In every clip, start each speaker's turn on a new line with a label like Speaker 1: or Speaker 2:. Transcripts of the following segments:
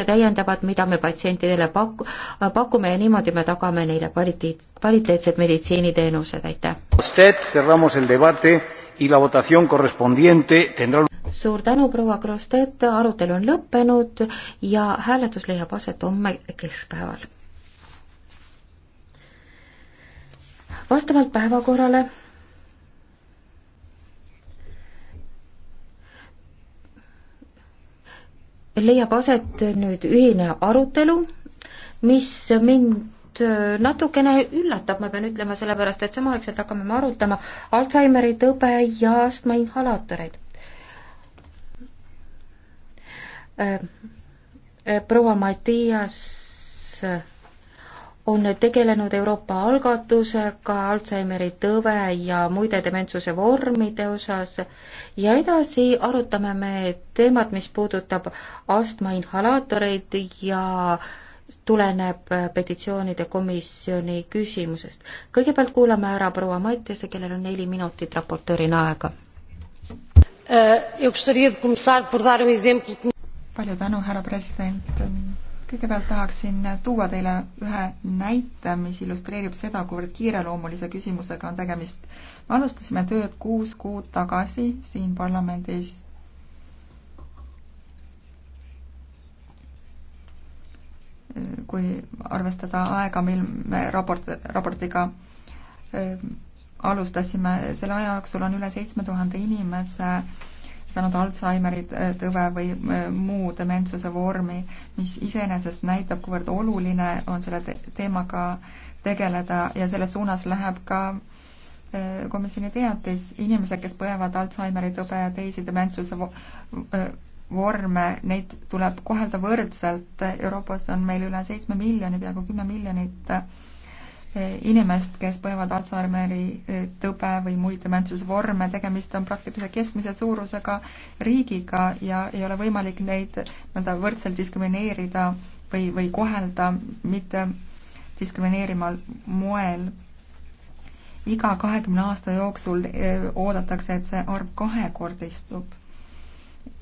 Speaker 1: ja täiendavad, mida me patsientidele paku-, pakume ja niimoodi me tagame neile kvaliteet, kvaliteetsed meditsiiniteenused, aitäh! suur tänu, proua Krostet, arutelu on lõppenud ja hääletus leiab aset homme keskpäeval. vastavalt päevakorrale leiab aset nüüd ühine arutelu, mis mind natukene üllatab, ma pean ütlema, sellepärast et samaaegselt hakkame me arutama Alžeimeri tõbe ja astma inhalaatoreid äh, äh, proua Matias äh, on tegelenud Euroopa algatusega Alžeimeri tõve ja muide dementsuse vormide osas ja edasi arutame me teemat, mis puudutab astmainhalaatoreid ja tuleneb petitsioonide komisjoni küsimusest. kõigepealt kuulame ära proua Mattiase, kellel on neli minutit raportöörina aega.
Speaker 2: Äh, um palju tänu, härra president kõigepealt tahaksin tuua teile ühe näite, mis illustreerib seda, kuivõrd kiireloomulise küsimusega on tegemist. me alustasime tööd kuus kuud tagasi siin parlamendis. kui arvestada aega, mil me raport, raportiga ehm, alustasime, selle aja jooksul on üle seitsme tuhande inimese saanud Alžeimeri äh, tõve või äh, muu dementsuse vormi, mis iseenesest näitab, kuivõrd oluline on selle te teemaga tegeleda ja selles suunas läheb ka äh, komisjoni teatis, inimesed, kes põevad Alžeimeri tõbe ja teisi dementsuse vorme, neid tuleb kohelda võrdselt. Euroopas on meil üle seitsme miljoni, peaaegu kümme miljonit inimest, kes põevad Alzheimeri e, tõbe või muid dementsusvorme, tegemist on praktiliselt keskmise suurusega riigiga ja ei ole võimalik neid nii-öelda võrdselt diskrimineerida või, või kohelda mitte diskrimineerimal moel. iga kahekümne aasta jooksul e, oodatakse, et see arv kahekordistub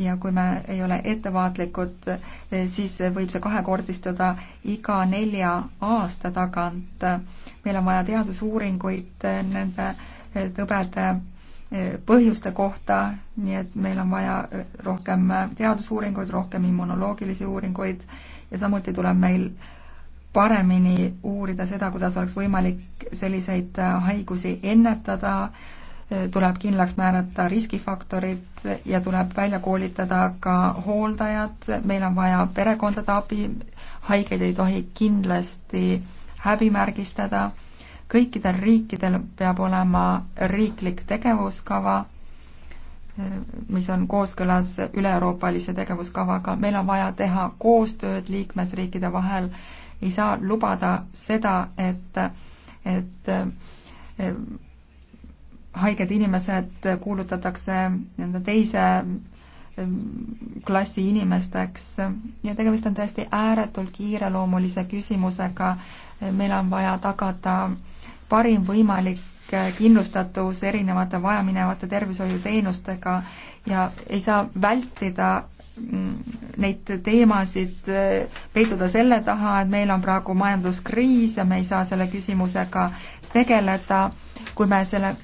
Speaker 2: ja kui me ei ole ettevaatlikud, siis võib see kahekordistuda iga nelja aasta tagant. meil on vaja teadusuuringuid nende tõbede põhjuste kohta, nii et meil on vaja rohkem teadusuuringuid, rohkem immunoloogilisi uuringuid ja samuti tuleb meil paremini uurida seda, kuidas oleks võimalik selliseid haigusi ennetada, tuleb kindlaks määrata riskifaktorid ja tuleb välja koolitada ka hooldajad, meil on vaja perekondade abi, haigeid ei tohi kindlasti häbimärgistada, kõikidel riikidel peab olema riiklik tegevuskava, mis on kooskõlas üle-euroopalise tegevuskavaga, meil on vaja teha koostööd liikmesriikide vahel, ei saa lubada seda, et, et haiged inimesed kuulutatakse nii-öelda teise ehm, klassi inimesteks ja tegemist on tõesti ääretult kiireloomulise küsimusega. meil on vaja tagada parim võimalik eh, kindlustatus erinevate vajaminevate tervishoiuteenustega ja ei saa vältida mm, neid teemasid eh, peituda selle taha, et meil on praegu majanduskriis ja me ei saa selle küsimusega tegeleda. kui me selle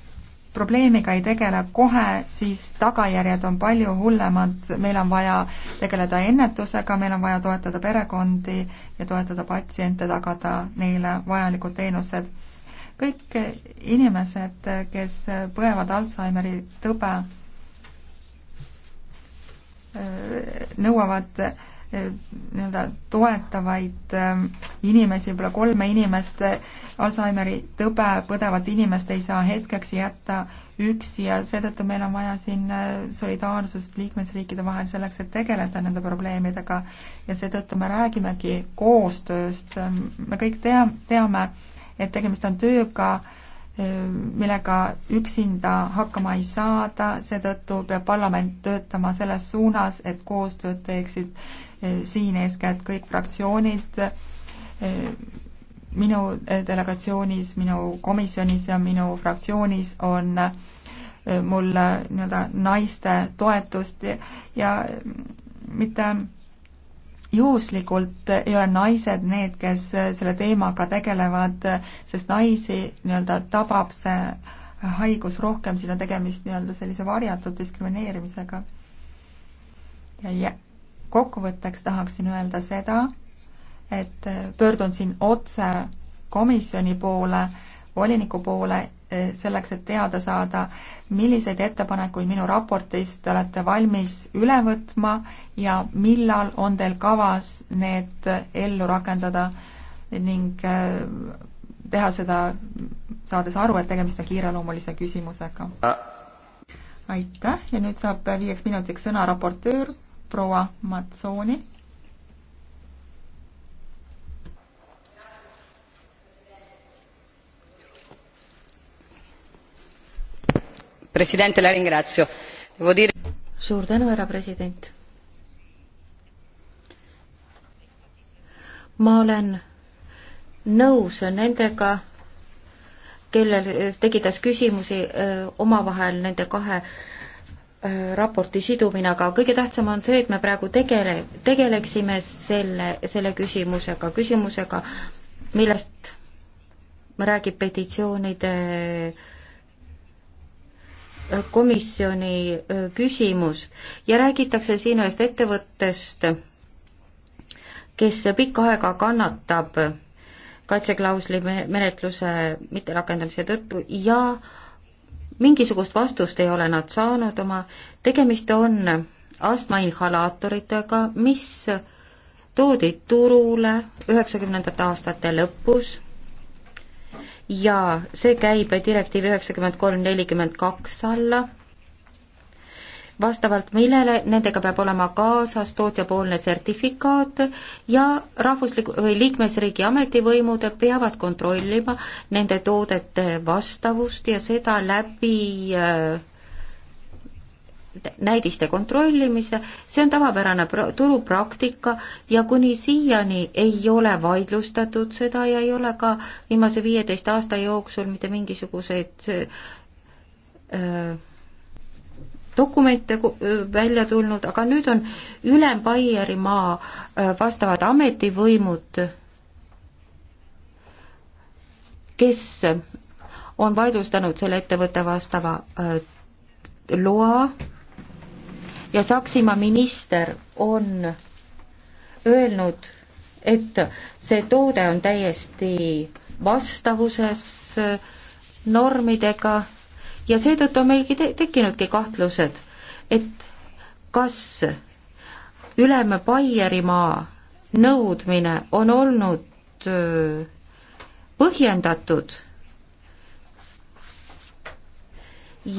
Speaker 2: probleemiga ei tegele kohe, siis tagajärjed on palju hullemad, meil on vaja tegeleda ennetusega, meil on vaja toetada perekondi ja toetada patsiente, tagada neile vajalikud teenused. kõik inimesed, kes põevad Alžeimeri tõbe, nõuavad Eh, nii-öelda toetavaid eh, inimesi, võib-olla kolme inimest eh, Alžeimeri tõbe põdevat inimest ei saa hetkeks jätta üksi ja seetõttu meil on vaja siin solidaarsust liikmesriikide vahel selleks, et tegeleda nende probleemidega ja seetõttu me räägimegi koostööst, me kõik tea, teame, et tegemist on tööga, Ehm, millega üksinda hakkama ei saada, seetõttu peab parlament töötama selles suunas, et koostööd teeksid eh, siin eeskätt kõik fraktsioonid, ehm, minu eh, delegatsioonis, minu komisjonis ja minu fraktsioonis on eh, mul nii-öelda naiste toetust ja mitte juhuslikult ei ole naised need, kes selle teemaga tegelevad, sest naisi nii-öelda tabab see haigus rohkem, siin on tegemist nii-öelda sellise varjatud diskrimineerimisega. ja, ja kokkuvõtteks tahaksin öelda seda, et pöördun siin otse komisjoni poole, voliniku poole Eh, selleks, et teada saada, milliseid ettepanekuid minu raportist te olete valmis üle võtma ja millal on teil kavas need ellu rakendada ning eh, teha seda, saades aru, et tegemist on kiireloomulise küsimusega. Äh. aitäh ja nüüd saab viieks minutiks sõna raportöör proua Matsooni
Speaker 1: president, la ringrazio. suur tänu, härra president. ma olen nõus nendega, kellel tekitas küsimusi omavahel nende kahe öö, raporti sidumine, aga kõige tähtsam on see, et me praegu tegele, tegeleksime selle, selle küsimusega, küsimusega, millest räägib petitsioonide äh, komisjoni küsimus ja räägitakse siin ühest ettevõttest, kes pikka aega kannatab kaitseklausli menetluse mitterakendamise tõttu ja mingisugust vastust ei ole nad saanud oma, tegemist on astmainhalaatoritega, mis toodi turule üheksakümnendate aastate lõpus ja see käib direktiivi üheksakümmend kolm nelikümmend kaks alla, vastavalt millele nendega peab olema kaasas tootjapoolne sertifikaat ja rahvuslik- või liikmesriigi ametivõimud peavad kontrollima nende toodete vastavust ja seda läbi äh, näidiste kontrollimise, see on tavapärane turupraktika ja kuni siiani ei ole vaidlustatud seda ja ei ole ka viimase viieteist aasta jooksul mitte mingisuguseid öö, äh, dokumente äh, välja tulnud, aga nüüd on Ülembaiemaa äh, vastavad ametivõimud, kes on vaidlustanud selle ettevõtte vastava öö, loa ja Saksamaa minister on öelnud, et see toode on täiesti vastavuses äh, normidega ja seetõttu on meilgi te tekkinudki kahtlused, et kas ülem Baierimaa nõudmine on olnud äh, põhjendatud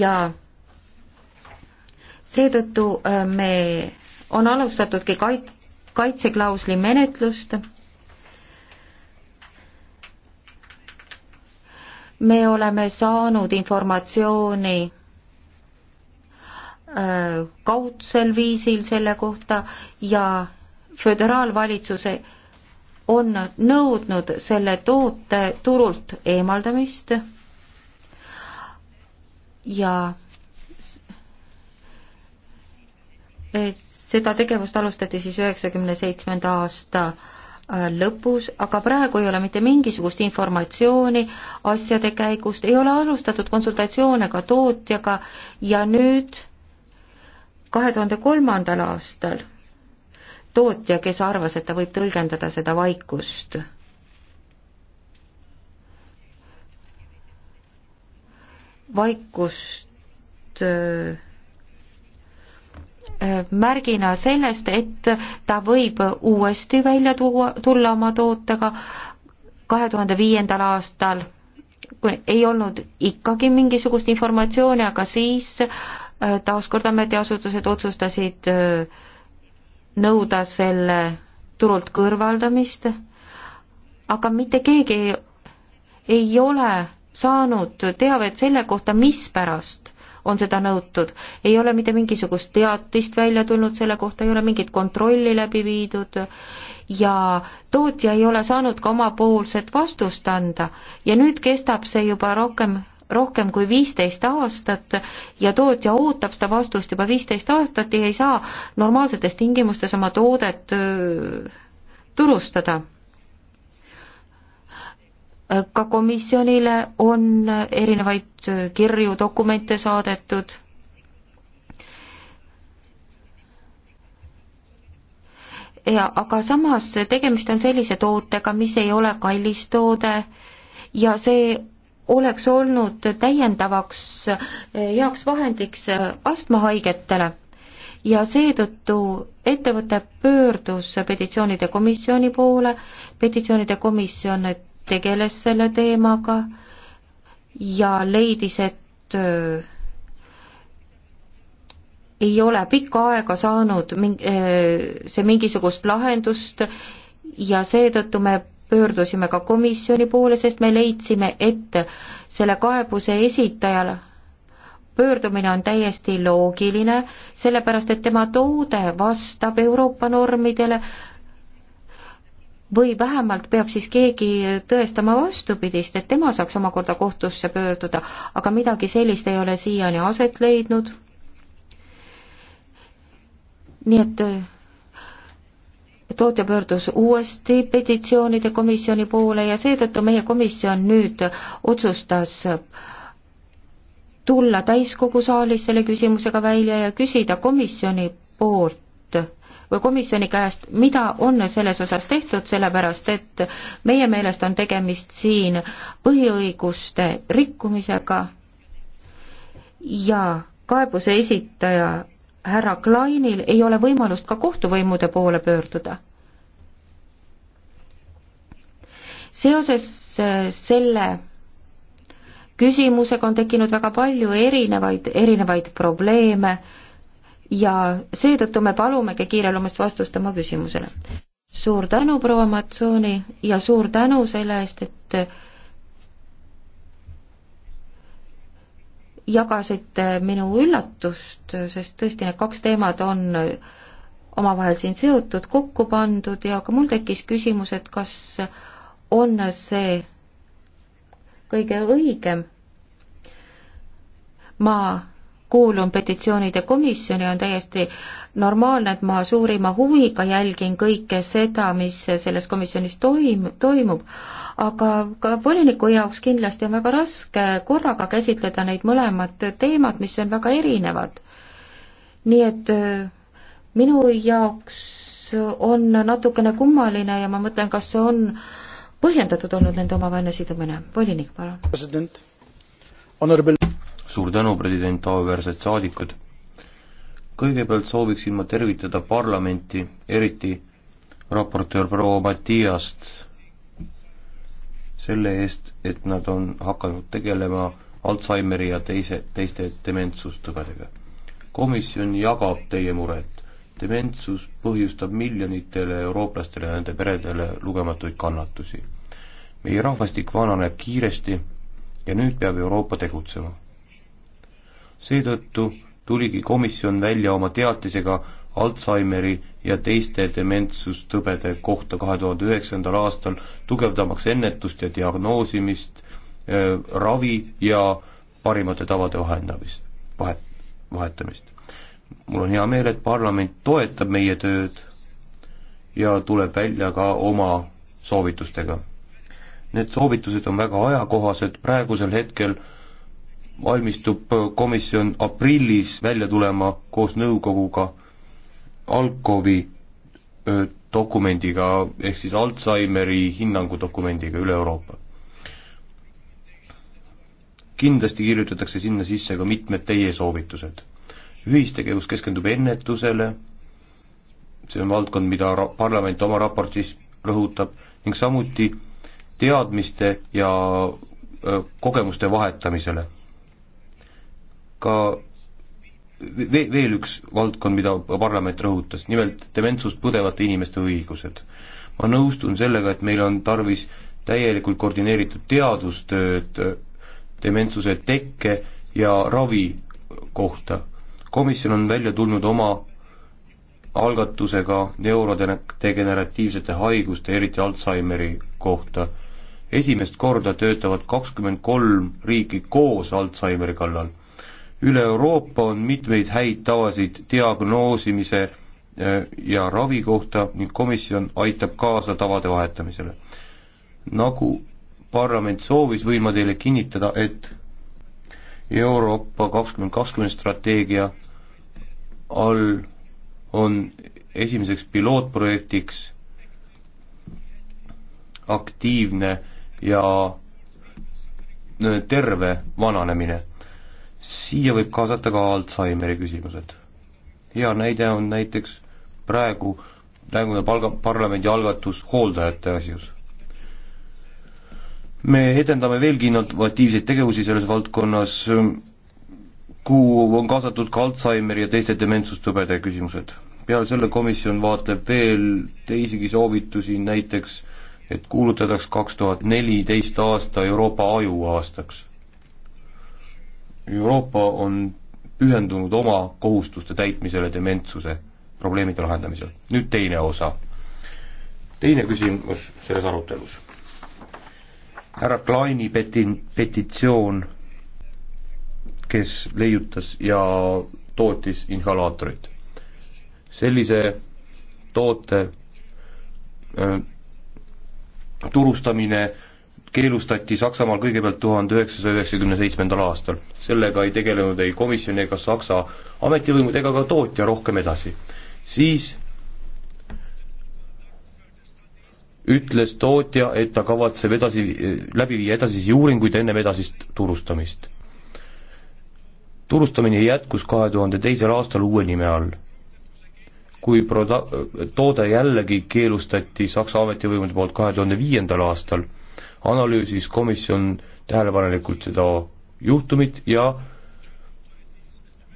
Speaker 1: ja seetõttu äh, me, on alustatudki kait-, kaitseklausli menetlust, me oleme saanud informatsiooni äh, kaudsel viisil selle kohta ja föderaalvalitsuse on nõudnud selle toote turult eemaldamist ja seda tegevust alustati siis üheksakümne seitsmenda aasta äh, lõpus, aga praegu ei ole mitte mingisugust informatsiooni asjade käigust, ei ole alustatud konsultatsioone ka tootjaga ja nüüd kahe tuhande kolmandal aastal tootja, kes arvas, et ta võib tõlgendada seda vaikust, vaikust öö, äh, Äh, märgina sellest, et ta võib uuesti välja tuua, tulla oma tootega kahe tuhande viiendal aastal, kui ei olnud ikkagi mingisugust informatsiooni, aga siis äh, taaskord ametiasutused otsustasid äh, nõuda selle turult kõrvaldamist, aga mitte keegi ei, ei ole saanud teavet selle kohta, mispärast on seda nõutud. ei ole mitte mingisugust teatist välja tulnud selle kohta, ei ole mingit kontrolli läbi viidud ja tootja ei ole saanud ka omapoolset vastust anda ja nüüd kestab see juba rohkem rohkem kui viisteist aastat ja tootja ootab seda vastust juba viisteist aastat ja ei saa normaalsetes tingimustes oma toodet öö, äh, turustada ka komisjonile on erinevaid kirju, dokumente saadetud. ja aga samas tegemist on sellise tootega, mis ei ole kallis toode ja see oleks olnud täiendavaks eh, heaks vahendiks eh, astmahaigetele ja seetõttu ettevõte pöördus petitsioonide komisjoni poole, petitsioonide komisjon tegeles selle teemaga ja leidis, et öö, äh, ei ole pikka aega saanud ming-, äh, see mingisugust lahendust ja seetõttu me pöördusime ka komisjoni poole, sest me leidsime, et selle kaebuse esitajal pöördumine on täiesti loogiline, sellepärast et tema toode vastab Euroopa normidele, või vähemalt peaks siis keegi tõestama vastupidist, et tema saaks omakorda kohtusse pöörduda, aga midagi sellist ei ole siiani aset leidnud. nii et äh, tootja pöördus uuesti petitsioonide komisjoni poole ja seetõttu meie komisjon nüüd otsustas tulla täiskogu saalis selle küsimusega välja ja küsida komisjoni poolt või komisjoni käest, mida on selles osas tehtud, sellepärast et meie meelest on tegemist siin põhiõiguste rikkumisega ja kaebuse esitaja härra Kleinil ei ole võimalust ka kohtuvõimude poole pöörduda. seoses äh, selle küsimusega on tekkinud väga palju erinevaid, erinevaid probleeme äh, ja seetõttu me palumegi kiireloomulist vastust oma küsimusele. suur tänu, proua Matsooni, ja suur tänu selle eest, et jagasite minu üllatust, sest tõesti need kaks teemat on omavahel siin seotud, kokku pandud ja ka mul tekkis küsimus, et kas on see kõige õigem. ma kuulun petitsioonide komisjoni, on täiesti normaalne, et ma suurima huviga jälgin kõike seda, mis selles komisjonis toim-, toimub, aga ka voliniku jaoks kindlasti on väga raske korraga käsitleda neid mõlemad teemad, mis on väga erinevad. nii et äh, minu jaoks on natukene kummaline ja ma mõtlen, kas see on põhjendatud olnud nende omavaheline sidumine. volinik, palun. president,
Speaker 3: honorable suur tänu, president, auväärsed saadikud. kõigepealt sooviksin ma tervitada parlamenti, eriti raportöör proua Matiast, selle eest, et nad on hakanud tegelema Alžeimeri ja teise, teiste dementsustõvedega. komisjon jagab teie muret. dementsus põhjustab miljonitele eurooplastele ja nende peredele lugematuid kannatusi. meie rahvastik vananeb kiiresti ja nüüd peab Euroopa tegutsema seetõttu tuligi komisjon välja oma teatisega Alžeimeri ja teiste dementsustõbede kohta kahe tuhande üheksandal aastal, tugevdamaks ennetust ja diagnoosimist, ravi ja parimate tavade vahendamist, vahet, vahetamist. mul on hea meel, et parlament toetab meie tööd ja tuleb välja ka oma soovitustega. Need soovitused on väga ajakohased, praegusel hetkel äh, valmistub komisjon aprillis välja tulema koos nõukoguga Alkovi dokumendiga ehk siis Alžeimeri hinnangudokumendiga üle Euroopa. kindlasti kirjutatakse sinna sisse ka mitmed teie soovitused. ühistegevus keskendub ennetusele, see on valdkond, mida ra-, parlament oma raportis rõhutab, ning samuti teadmiste ja öö, kogemuste vahetamisele ka ve-, veel üks valdkond, mida parlament rõhutas, nimelt dementsust põdevate inimeste õigused. ma nõustun sellega, et meil on tarvis täielikult koordineeritud teadustööd äh, dementsuse tekke ja ravi kohta. komisjon on välja tulnud oma algatusega neurodegeneratiivsete haiguste, eriti Alžeimeri kohta. esimest korda töötavad kakskümmend kolm riiki koos Alžeimeri kallal üle Euroopa on mitmeid häid tavasid diagnoosimise äh, ja ravi kohta ning komisjon aitab kaasa tavade vahetamisele. nagu parlament soovis, võin ma teile kinnitada, et Euroopa kakskümmend kakskümmend strateegia all on esimeseks pilootprojektiks aktiivne ja äh, terve vananemine siia võib kaasata ka Alžeimeri küsimused. hea näide on näiteks praegu praegune palga, parlamendi algatus hooldajate asjus. me edendame veelgi innovatiivseid tegevusi selles valdkonnas, kuhu on kaasatud ka Alžeimeri ja teiste dementsustõbede küsimused. peale selle komisjon vaatleb veel teisigi soovitusi, näiteks et kuulutataks kaks tuhat neliteist aasta Euroopa ajuaastaks Euroopa on pühendunud oma kohustuste täitmisele dementsuse probleemide lahendamisel. nüüd teine osa. teine küsimus selles arutelus. härra Kleini peti-, petitsioon, kes leiutas ja tootis inhalaatorit. sellise toote öö, äh, turustamine keelustati Saksamaal kõigepealt tuhande üheksasaja üheksakümne seitsmendal aastal. sellega ei tegelenud ei komisjon ega Saksa ametivõimud ega ka tootja rohkem edasi. siis ütles tootja, et ta kavatseb edasi, läbi viia edasisi uuringuid ennem edasist turustamist. turustamine jätkus kahe tuhande teisel aastal uue nime all. kui proda-, toode jällegi keelustati Saksa ametivõimude poolt kahe tuhande viiendal aastal analüüsis komisjon tähelepanelikult seda juhtumit ja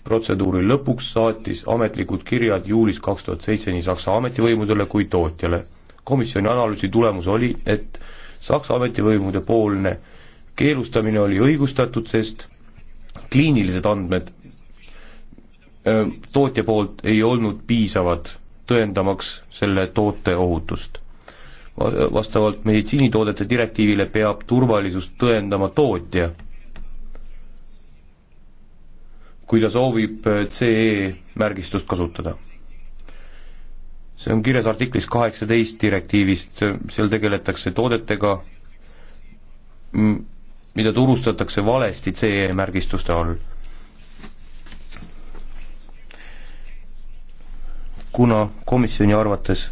Speaker 3: protseduuri lõpuks saatis ametlikud kirjad juulis kaks tuhat seitse nii Saksa ametivõimudele kui tootjale. komisjoni analüüsi tulemus oli, et Saksa ametivõimude poolne keelustamine oli õigustatud, sest kliinilised andmed tootja poolt ei olnud piisavad, tõendamaks selle toote ohutust vastavalt meditsiinitoodete direktiivile peab turvalisust tõendama tootja. kui ta soovib CE märgistust kasutada. see on kirjas artiklis kaheksateist direktiivist, seal tegeletakse toodetega, mida turustatakse valesti CE märgistuste all. kuna komisjoni arvates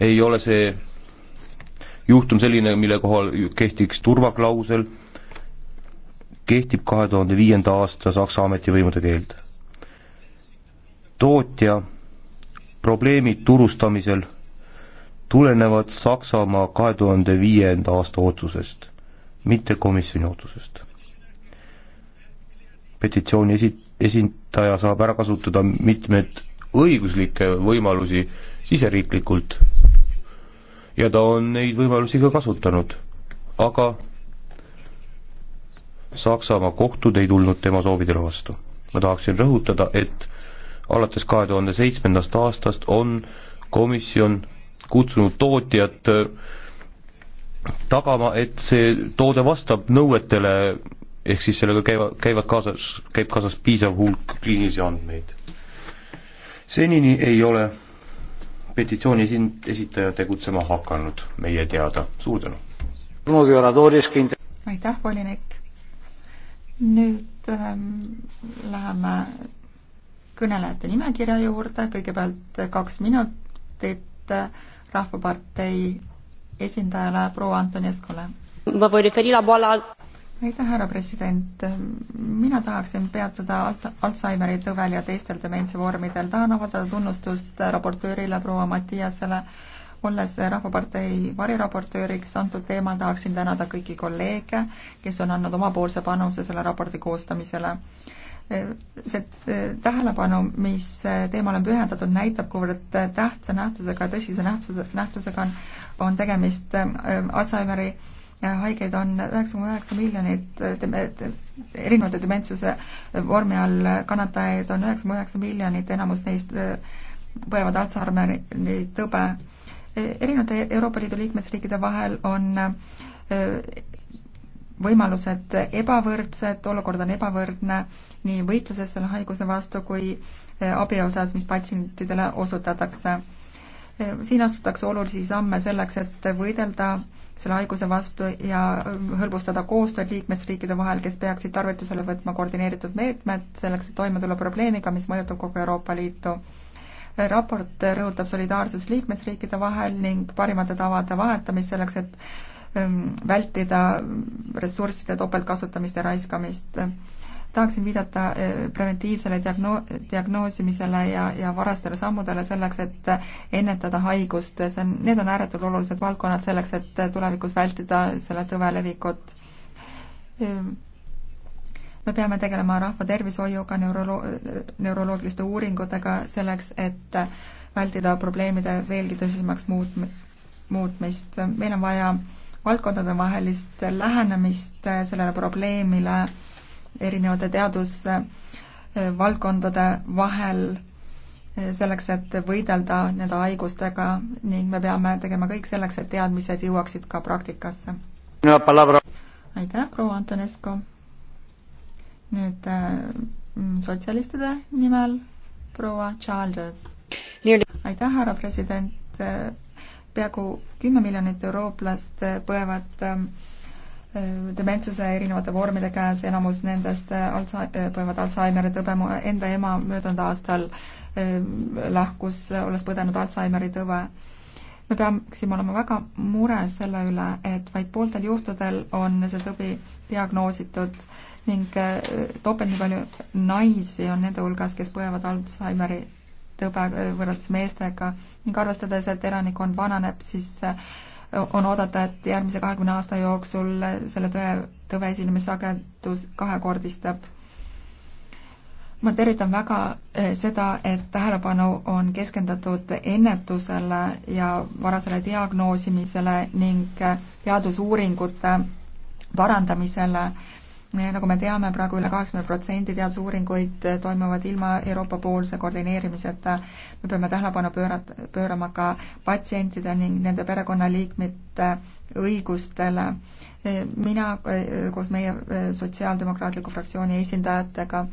Speaker 3: ei ole see juhtum selline, mille kohal kehtiks turvaklausel, kehtib kahe tuhande viienda aasta Saksa ametivõimude keeld. tootja probleemid turustamisel tulenevad Saksamaa kahe tuhande viienda aasta otsusest, mitte komisjoni otsusest. petitsiooni esi-, esindaja saab ära kasutada mitmeid õiguslikke võimalusi siseriiklikult ja ta on neid võimalusi ka kasutanud. aga Saksamaa kohtud ei tulnud tema soovidele vastu. ma tahaksin rõhutada, et alates kahe tuhande seitsmendast aastast on komisjon kutsunud tootjat äh, tagama, et see toode vastab nõuetele, ehk siis sellega käiva, käivad kaasas, käib kaasas piisav hulk kliinilisi andmeid. senini ei ole petitsiooni esitaja tegutsema hakanud meie teada, suur tänu!
Speaker 2: aitäh, volinik! nüüd ähm, läheme kõnelejate nimekirja juurde, kõigepealt kaks minutit Rahvapartei esindajale proua Antonieskole aitäh, härra president. mina tahaksin peatuda alt-, Alžeimeri tõvel ja teistel dementsivormidel. tahan avaldada tunnustust raportöörile proua Mattiasele. olles Rahvapartei variraportööriks antud teemal, tahaksin tänada kõiki kolleege, kes on andnud omapoolse panuse selle raporti koostamisele see tähelepanu, mis teemale on pühendatud, näitab, kuivõrd tähtsa nähtusega, tõsise nähtuse, nähtusega on, on tegemist Alžeimeri äh, haigeid on üheksa koma üheksa miljonit, erinevate dementsuse vormi all kannatajaid on üheksa koma üheksa miljonit, enamus neist eh, põevad Alzheimeri tõbe. E, erinevate Euroopa Liidu liikmesriikide vahel on eh, võimalused ebavõrdsed, olukord on ebavõrdne nii võitluses selle haiguse vastu kui eh, abi osas, mis patsientidele osutatakse. E, siin astutakse olulisi samme selleks, et võidelda selle haiguse vastu ja hõlbustada koostööd liikmesriikide vahel, kes peaksid tarvitusele võtma koordineeritud meetmed selleks, et toime tulla probleemiga, mis mõjutab kogu Euroopa Liitu. raport rõhutab solidaarsust liikmesriikide vahel ning parimate tavade vahetamist selleks, et ähm, vältida ressursside topeltkasutamist ja raiskamist tahaksin viidata eh, preventiivsele diagno-, diagnoosimisele ja, ja varastele sammudele selleks, et ennetada haigust, see on, need on ääretult olulised valdkonnad selleks, et tulevikus vältida selle tõve levikut. Ehm, me peame tegelema rahva tervishoiuga, neurolo-, neuroloogiliste uuringutega selleks, et vältida probleemide veelgi tõsisemaks muut-, muutmist, meil on vaja valdkondadevahelist lähenemist sellele probleemile erinevate teadusvaldkondade vahel selleks, et võidelda nende haigustega ning me peame tegema kõik selleks, et teadmised jõuaksid ka praktikasse.
Speaker 3: aitäh,
Speaker 2: proua Antonescu. nüüd mm, sotsialistide nimel proua Childers. aitäh, härra president. peaaegu kümme miljonit eurooplast põevad ähm, Äh, dementsuse erinevate vormide käes, enamus nendest äh, alsa-, äh, põevad Alžeimeri tõbe, mu enda ema möödunud aastal lahkus, olles põdenud Alžeimeri tõve. me peaksime olema väga mures selle üle, et vaid pooltel juhtudel on see tõbi diagnoositud ning topelt nii palju naisi on nende hulgas, kes põevad Alžeimeri tõbe võrreldes meestega ning arvestades, et elanikkond vananeb, siis on oodata, et järgmise kahekümne aasta jooksul selle tõe, tõve esinemissagedus kahekordistab. ma tervitan väga eh, seda, et tähelepanu on keskendatud ennetusele ja varasele diagnoosimisele ning eh, teadusuuringute parandamisele nagu me teame praegu, praegu üle kaheksakümne protsendi teadusuuringuid eh, toimuvad ilma Euroopa-poolse koordineerimiseta. me peame tähelepanu pöörat-, pöörama ka patsientide ning nende perekonnaliikmete õigustele. Eh, mina eh, koos meie Sotsiaaldemokraatliku fraktsiooni esindajatega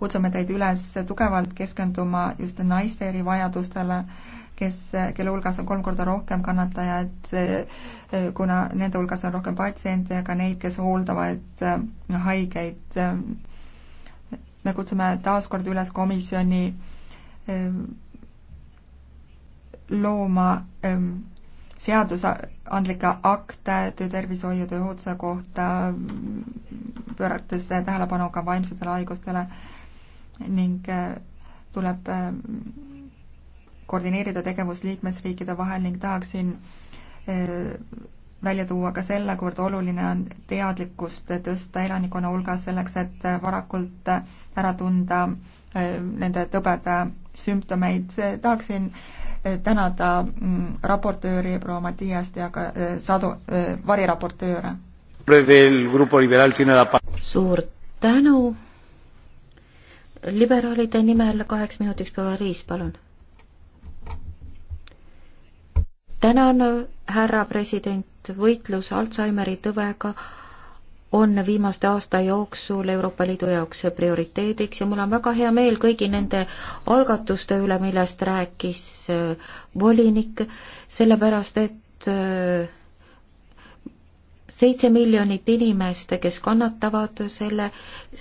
Speaker 2: kutsume teid üles tugevalt keskenduma just naiste erivajadustele kes, kelle hulgas on kolm korda rohkem kannatajaid, kuna nende hulgas on rohkem patsiente ja ka neid, kes hooldavad äh, haigeid. me kutsume taas kord üles komisjoni äh, looma ähm, seadusandlikke akte töötervishoiu, tööohutuse kohta, pöörates tähelepanu ka vaimsetele haigustele ning äh, tuleb ähm, koordineerida tegevust liikmesriikide vahel ning tahaksin eh, välja tuua ka selle, kuivõrd oluline on teadlikkust tõsta elanikkonna hulgas selleks, et varakult ära tunda eh, nende tõbede sümptomeid. tahaksin eh, tänada mm, raportööri proua Matiast ja ka sadu variraportööre.
Speaker 3: suur
Speaker 1: tänu. liberaalide nimel kaheks minutiks proua Riis, palun tänan, härra president, võitlus Alžeimeri tõvega on viimaste aasta jooksul Euroopa Liidu jaoks prioriteediks ja mul on väga hea meel kõigi nende algatuste üle, millest rääkis äh, volinik, sellepärast et äh, seitse miljonit inimest, kes kannatavad selle,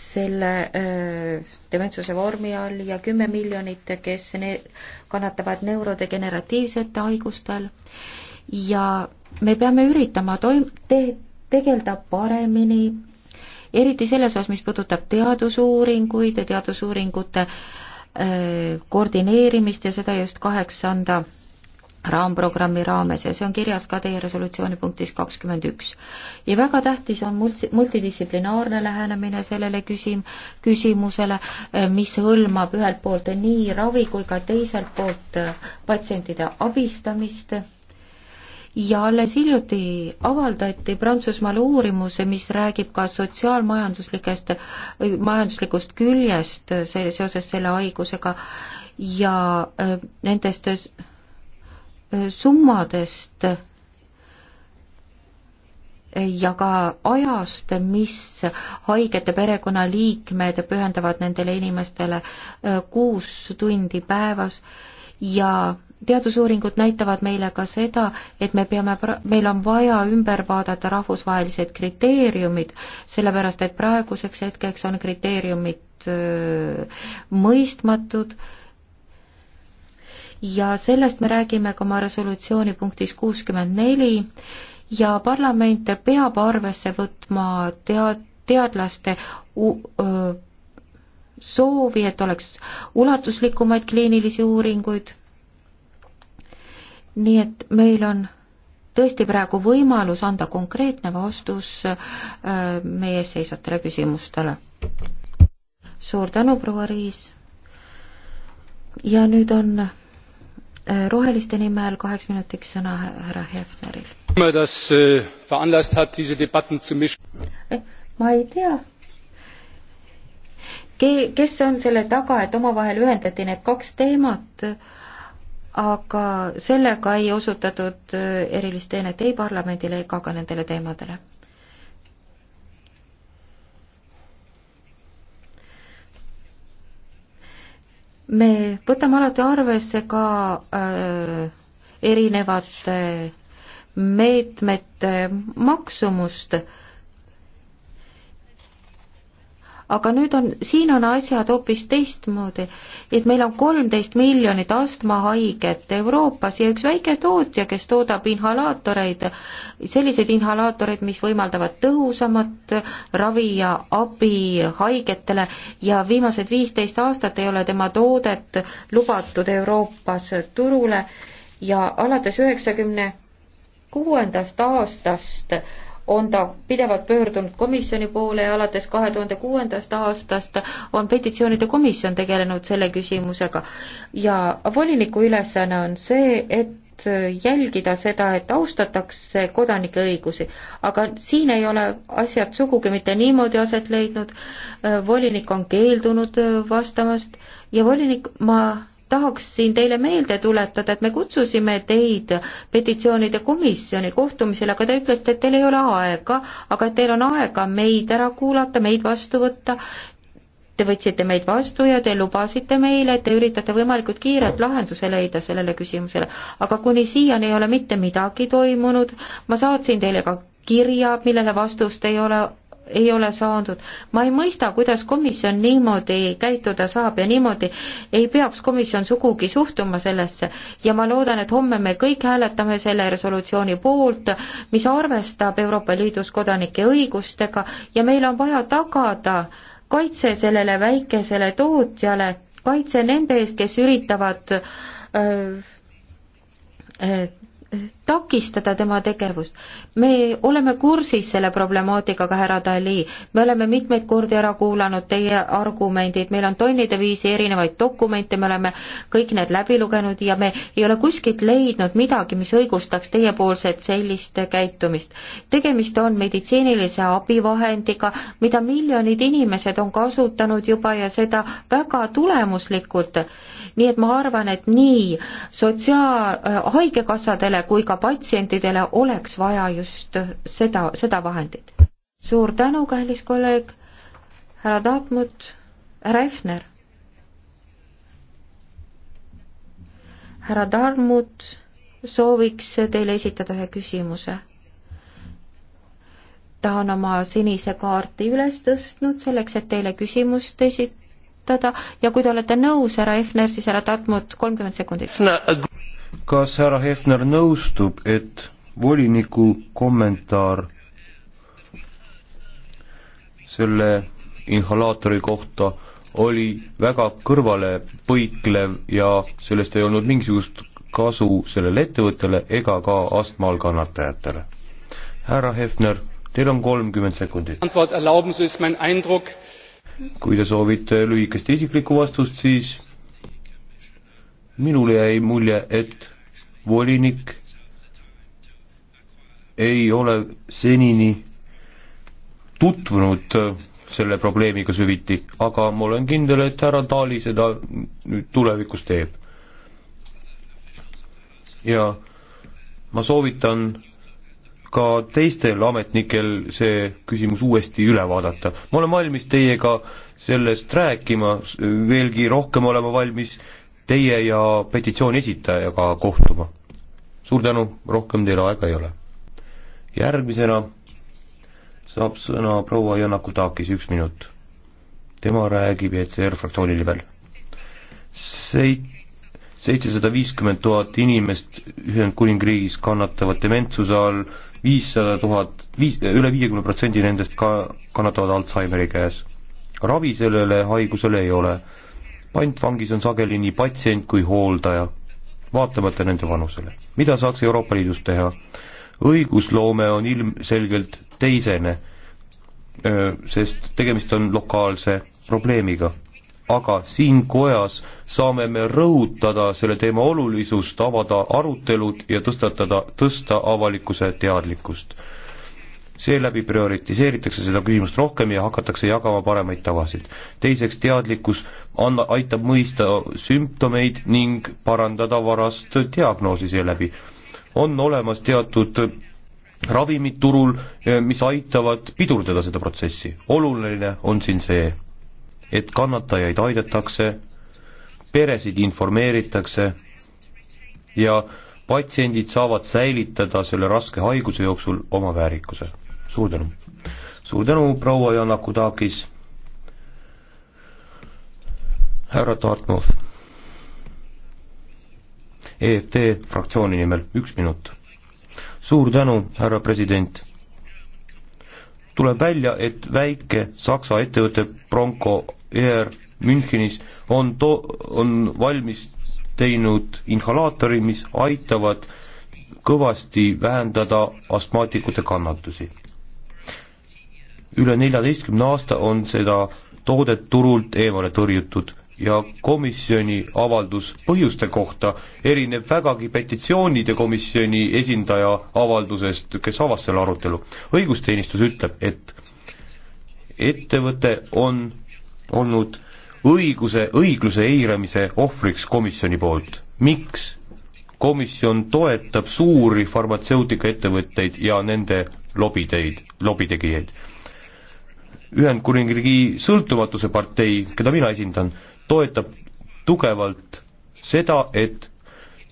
Speaker 1: selle äh, dementsuse vormi all ja kümme miljonit, kes ne-, kannatavad neurodegeneratiivsete haigustel ja me peame üritama toim-, te-, tegeleda paremini, eriti selles osas, mis puudutab teadusuuringuid ja teadusuuringute äh, koordineerimist ja seda just kaheksanda raamprogrammi raames ja see on kirjas ka teie resolutsiooni punktis kakskümmend üks. ja väga tähtis on multi, multidistsiplinaarne lähenemine sellele küsim-, küsimusele, eh, mis hõlmab ühelt poolt nii ravi kui ka teiselt poolt eh, patsientide abistamist ja alles hiljuti avaldati Prantsusmaal uurimuse, mis räägib ka sotsiaalmajanduslikest, eh, majanduslikust küljest selle, seoses selle haigusega ja nendest summadest ja ka ajast, mis haigete perekonnaliikmed pühendavad nendele inimestele äh, kuus tundi päevas ja teadusuuringud näitavad meile ka seda, et me peame, meil on vaja ümber vaadata rahvusvahelised kriteeriumid, sellepärast et praeguseks hetkeks on kriteeriumid öö, äh, mõistmatud öö, ja sellest me räägime ka oma resolutsiooni punktis kuuskümmend neli ja parlament peab arvesse võtma tead-, teadlaste u-, öö, soovi, et oleks ulatuslikumaid kliinilisi uuringuid, nii et meil on tõesti praegu võimalus anda konkreetne vastus meie ees seisvatele küsimustele. suur tänu, proua Riis! ja nüüd on Äh, roheliste nimel kaheks minutiks sõna härra Hefneril. Äh, äh, ma ei tea, kes on selle taga, et omavahel ühendati need kaks teemat, aga sellega ei osutatud erilist teenet ei parlamendile ega ka nendele teemadele me võtame alati arvesse ka äh, erinevate meetmete maksumust äh, aga nüüd on, siin on asjad hoopis teistmoodi, et meil on kolmteist miljonit astmahaiget Euroopas ja üks väike tootja, kes toodab inhalaatoreid, selliseid inhalaatoreid, mis võimaldavad tõhusamat ravi ja abi haigetele ja viimased viisteist aastat ei ole tema toodet lubatud Euroopas turule ja alates üheksakümne kuuendast aastast on ta pidevalt pöördunud komisjoni poole ja alates kahe tuhande kuuendast aastast on petitsioonide komisjon tegelenud selle küsimusega. ja voliniku ülesanne on see, et jälgida seda, et austatakse kodanike õigusi. aga siin ei ole asjad sugugi mitte niimoodi aset leidnud, volinik on keeldunud vastamast ja volinik, ma tahaksin teile meelde tuletada, et me kutsusime teid petitsioonide komisjoni kohtumisele, aga te ütlesite, et teil ei ole aega, aga teil on aega meid ära kuulata, meid vastu võtta. Te võtsite meid vastu ja te lubasite meile, et te üritate võimalikult kiirelt lahenduse leida sellele küsimusele. aga kuni siiani ei ole mitte midagi toimunud, ma saatsin teile ka kirja, millele vastust ei ole ei ole saadud. ma ei mõista, kuidas komisjon niimoodi käituda saab ja niimoodi ei peaks komisjon sugugi suhtuma sellesse ja ma loodan, et homme me kõik hääletame selle resolutsiooni poolt, mis arvestab Euroopa Liidus kodanike õigustega ja meil on vaja tagada kaitse sellele väikesele tootjale, kaitse nende eest, kes üritavad öö, et takistada tema tegevust. me oleme kursis selle problemaatikaga, härra Dali, me oleme mitmeid kordi ära kuulanud teie argumendid, meil on tonnide viisi erinevaid dokumente, me oleme kõik need läbi lugenud ja me ei ole kuskilt leidnud midagi, mis õigustaks teiepoolset sellist käitumist. tegemist on meditsiinilise abivahendiga, mida miljonid inimesed on kasutanud juba ja seda väga tulemuslikult nii et ma arvan, et nii sotsiaal, äh, haigekassadele kui ka patsientidele oleks vaja just äh, seda, seda vahendit. suur tänu, kallis kolleeg, härra Taatmut, härra Efner. härra Tarmut sooviks teile esitada ühe küsimuse ta on oma sinise kaarti üles tõstnud selleks, et teile küsimust esi-, arutada ja kui te olete nõus, härra Hefner, siis härra Tatmut, kolmkümmend sekundit.
Speaker 3: kas härra Hefner nõustub, et voliniku kommentaar selle inhalaatori kohta oli väga kõrvalepõiklev ja sellest ei olnud mingisugust kasu sellele ettevõttele ega ka astmaal kannatajatele. härra Hefner, teil on kolmkümmend sekundit kui te soovite lühikest isiklikku vastust, siis minule jäi mulje, et volinik ei ole senini tutvunud selle probleemiga süviti, aga ma olen kindel, et härra Taali seda nüüd tulevikus teeb. ja ma soovitan ka teistel ametnikel see küsimus uuesti üle vaadata. ma olen valmis teiega sellest rääkima, veelgi rohkem olema valmis teie ja petitsiooni esitajaga kohtuma. suur tänu, rohkem teil aega ei ole. järgmisena saab sõna proua Janakutakis, üks minut. tema räägib ECR fraktsiooni nimel. Seit-, seitsesada viiskümmend tuhat inimest Ühendkuningriigis kannatavad dementsuse all, viissada tuhat, viis, üle viiekümne protsendi nendest ka kannatavad Alžeimeri käes. ravi sellele haigusele ei ole. pantvangis on sageli nii patsient kui hooldaja, vaatamata nende vanusele. mida saaks Euroopa Liidus teha? õigusloome on ilmselgelt teisene, sest tegemist on lokaalse probleemiga. aga siin kojas saame me rõhutada selle teema olulisust, avada arutelud ja tõstatada, tõsta avalikkuse teadlikkust. seeläbi prioritiseeritakse seda küsimust rohkem ja hakatakse jagama paremaid tavasid. teiseks, teadlikkus anna, aitab mõista sümptomeid ning parandada varast diagnoosi seeläbi. on olemas teatud ravimid turul, eh, mis aitavad pidurdada seda protsessi. oluline on siin see, et kannatajaid aidatakse peresid informeeritakse ja patsiendid saavad säilitada selle raske haiguse jooksul oma väärikuse. suur tänu! suur tänu, proua Janakudakis! härra Tartmov, EFT fraktsiooni nimel üks minut. suur tänu, härra president! tuleb välja, et väike Saksa ettevõte Bronco Air ER Münchenis on to-, on valmis teinud inhalaatori, mis aitavad kõvasti vähendada astmaatikute kannatusi. üle neljateistkümne aasta on seda toodet turult eemale tõrjutud ja komisjoni avaldus põhjuste kohta erineb vägagi petitsioonide komisjoni esindaja avaldusest, kes avas selle arutelu. õigusteenistus ütleb, et ettevõte on olnud õiguse, õigluse eiramise ohvriks komisjoni poolt. miks? komisjon toetab suuri farmatseutikaettevõtteid ja nende lobiteid, lobitegijaid. Ühendkuningriigi sõltumatuse partei, keda mina esindan, toetab tugevalt seda, et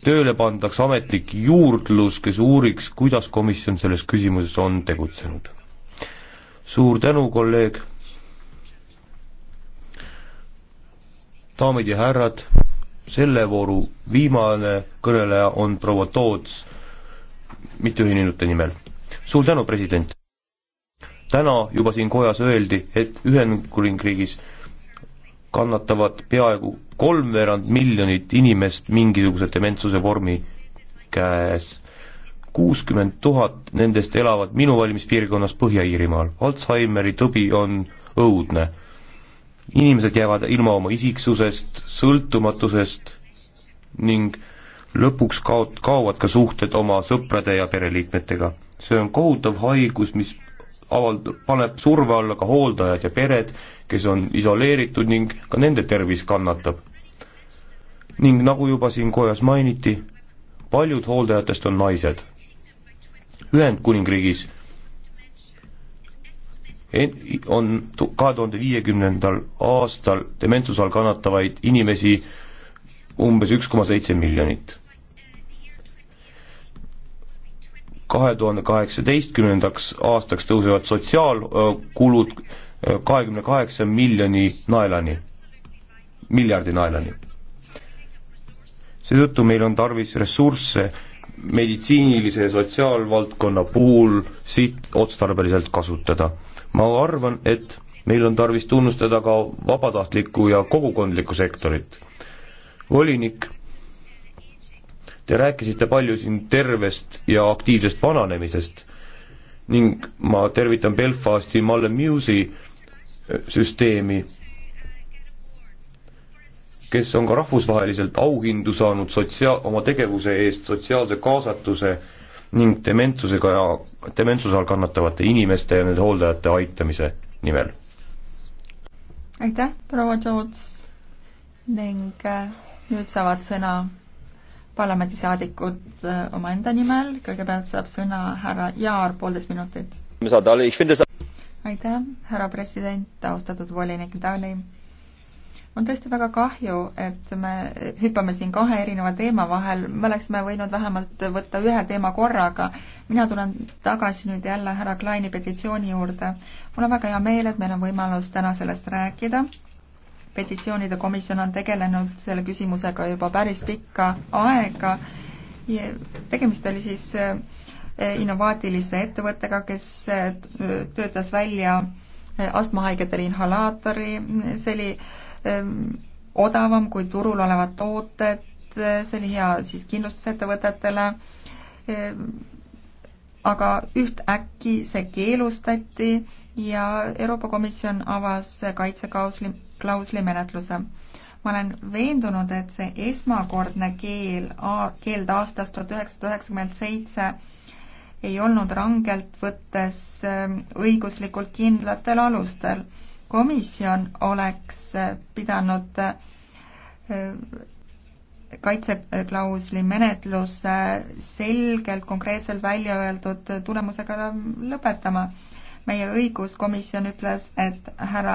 Speaker 3: tööle pandaks ametlik juurdlus, kes uuriks, kuidas komisjon selles küsimuses on tegutsenud. suur tänu, kolleeg daamid ja härrad, selle vooru viimane kõneleja on proua Toots mitteühinenute nimel. suur tänu, president! täna juba siin kojas öeldi, et Ühendkuningriigis kannatavad peaaegu kolmveerand miljonit inimest mingisuguse dementsuse vormi käes. kuuskümmend tuhat nendest elavad minu valimispiirkonnas Põhja-Iirimaal. Alžeimeri tõbi on õudne inimesed jäävad ilma oma isiksusest, sõltumatusest ning lõpuks kaot-, kaovad ka suhted oma sõprade ja pereliikmetega. see on kohutav haigus, mis avald-, paneb surve alla ka hooldajad ja pered, kes on isoleeritud ning ka nende tervis kannatab. ning nagu juba siin kojas mainiti, paljud hooldajatest on naised. Ühendkuningriigis on kahe tuhande viiekümnendal aastal dementsuse all kannatavaid inimesi umbes üks koma seitse miljonit. kahe tuhande kaheksateistkümnendaks aastaks tõusevad sotsiaalkulud äh, kahekümne kaheksa miljoni naelani, miljardi naelani. seetõttu meil on tarvis ressursse meditsiinilise ja sotsiaalvaldkonna puhul sihtotstarbeliselt kasutada ma arvan, et meil on tarvis tunnustada ka vabatahtlikku ja kogukondlikku sektorit. volinik, te rääkisite palju siin tervest ja aktiivsest vananemisest ning ma tervitan Belfasti Malle Muse'i süsteemi, kes on ka rahvusvaheliselt auhindu saanud sotsia-, oma tegevuse eest, sotsiaalse kaasatuse äh, ning dementsusega ja dementsuse all kannatavate inimeste ja nende hooldajate aitamise nimel.
Speaker 2: aitäh, proua Toots ning äh, nüüd saavad sõna parlamendisaadikud äh, omaenda nimel, kõigepealt saab sõna härra Jaar, poolteist minutit. aitäh, härra president, austatud volinik Dali on tõesti väga kahju, et me hüppame siin kahe erineva teema vahel, me oleksime võinud vähemalt võtta ühe teema korraga. mina tulen tagasi nüüd jälle härra Kleini petitsiooni juurde. mul on väga hea meel, et meil on võimalus täna sellest rääkida. petitsioonide komisjon on tegelenud selle küsimusega juba päris pikka aega. tegemist oli siis eh, innovaatilise ettevõttega, kes eh, töötas välja eh, astmahaigetele inhalaatori, see oli Ehm, odavam kui turul olevad tooted, eh, see oli hea siis kindlustusettevõtetele, ehm, aga ühtäkki see keelustati ja Euroopa Komisjon avas kaitsekausli, klausli menetluse. ma olen veendunud, et see esmakordne keel, keeld aastast tuhat üheksasada üheksakümmend seitse ei olnud rangelt võttes ehm, õiguslikult kindlatel alustel komisjon oleks pidanud äh, kaitseklausli menetluse selgelt konkreetselt välja öeldud tulemusega lõpetama. meie õiguskomisjon ütles, et härra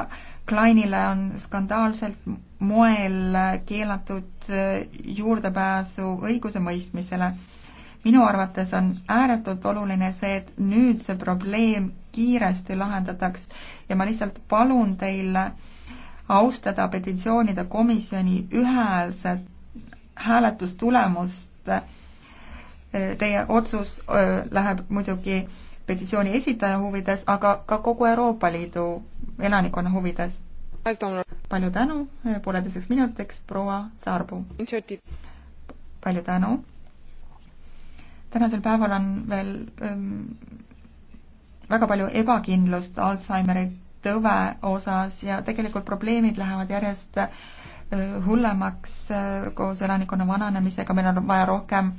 Speaker 2: Kleinile on skandaalselt moel keelatud äh, juurdepääsu õigusemõistmisele minu arvates on ääretult oluline see, et nüüd see probleem kiiresti lahendataks ja ma lihtsalt palun teil austada petitsioonide komisjoni ühehäälset hääletustulemust. Teie otsus läheb muidugi petitsiooni esitaja huvides, aga ka kogu Euroopa Liidu elanikkonna huvides. palju tänu, pooleteiseks minutiks, proua Saarbu. palju tänu tänasel päeval on veel ähm, väga palju ebakindlust Alžeimeri tõve osas ja tegelikult probleemid lähevad järjest äh, hullemaks äh, koos elanikkonna vananemisega, meil on vaja rohkem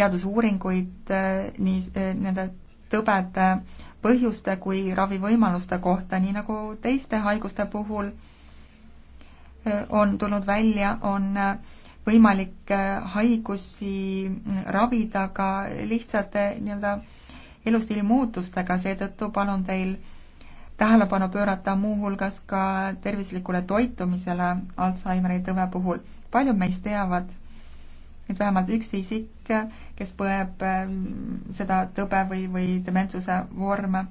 Speaker 2: teadusuuringuid äh, nii äh, nende tõbede põhjuste kui ravivõimaluste kohta, nii nagu teiste haiguste puhul äh, on tulnud välja, on äh, võimalikke haigusi ravida ka lihtsate nii-öelda elustiili muutustega, seetõttu palun teil tähelepanu pöörata muuhulgas ka tervislikule toitumisele Alžeimeri tõve puhul. paljud meist teavad, et vähemalt üks isik, kes põeb ähm, seda tõbe või, või dementsuse vorme,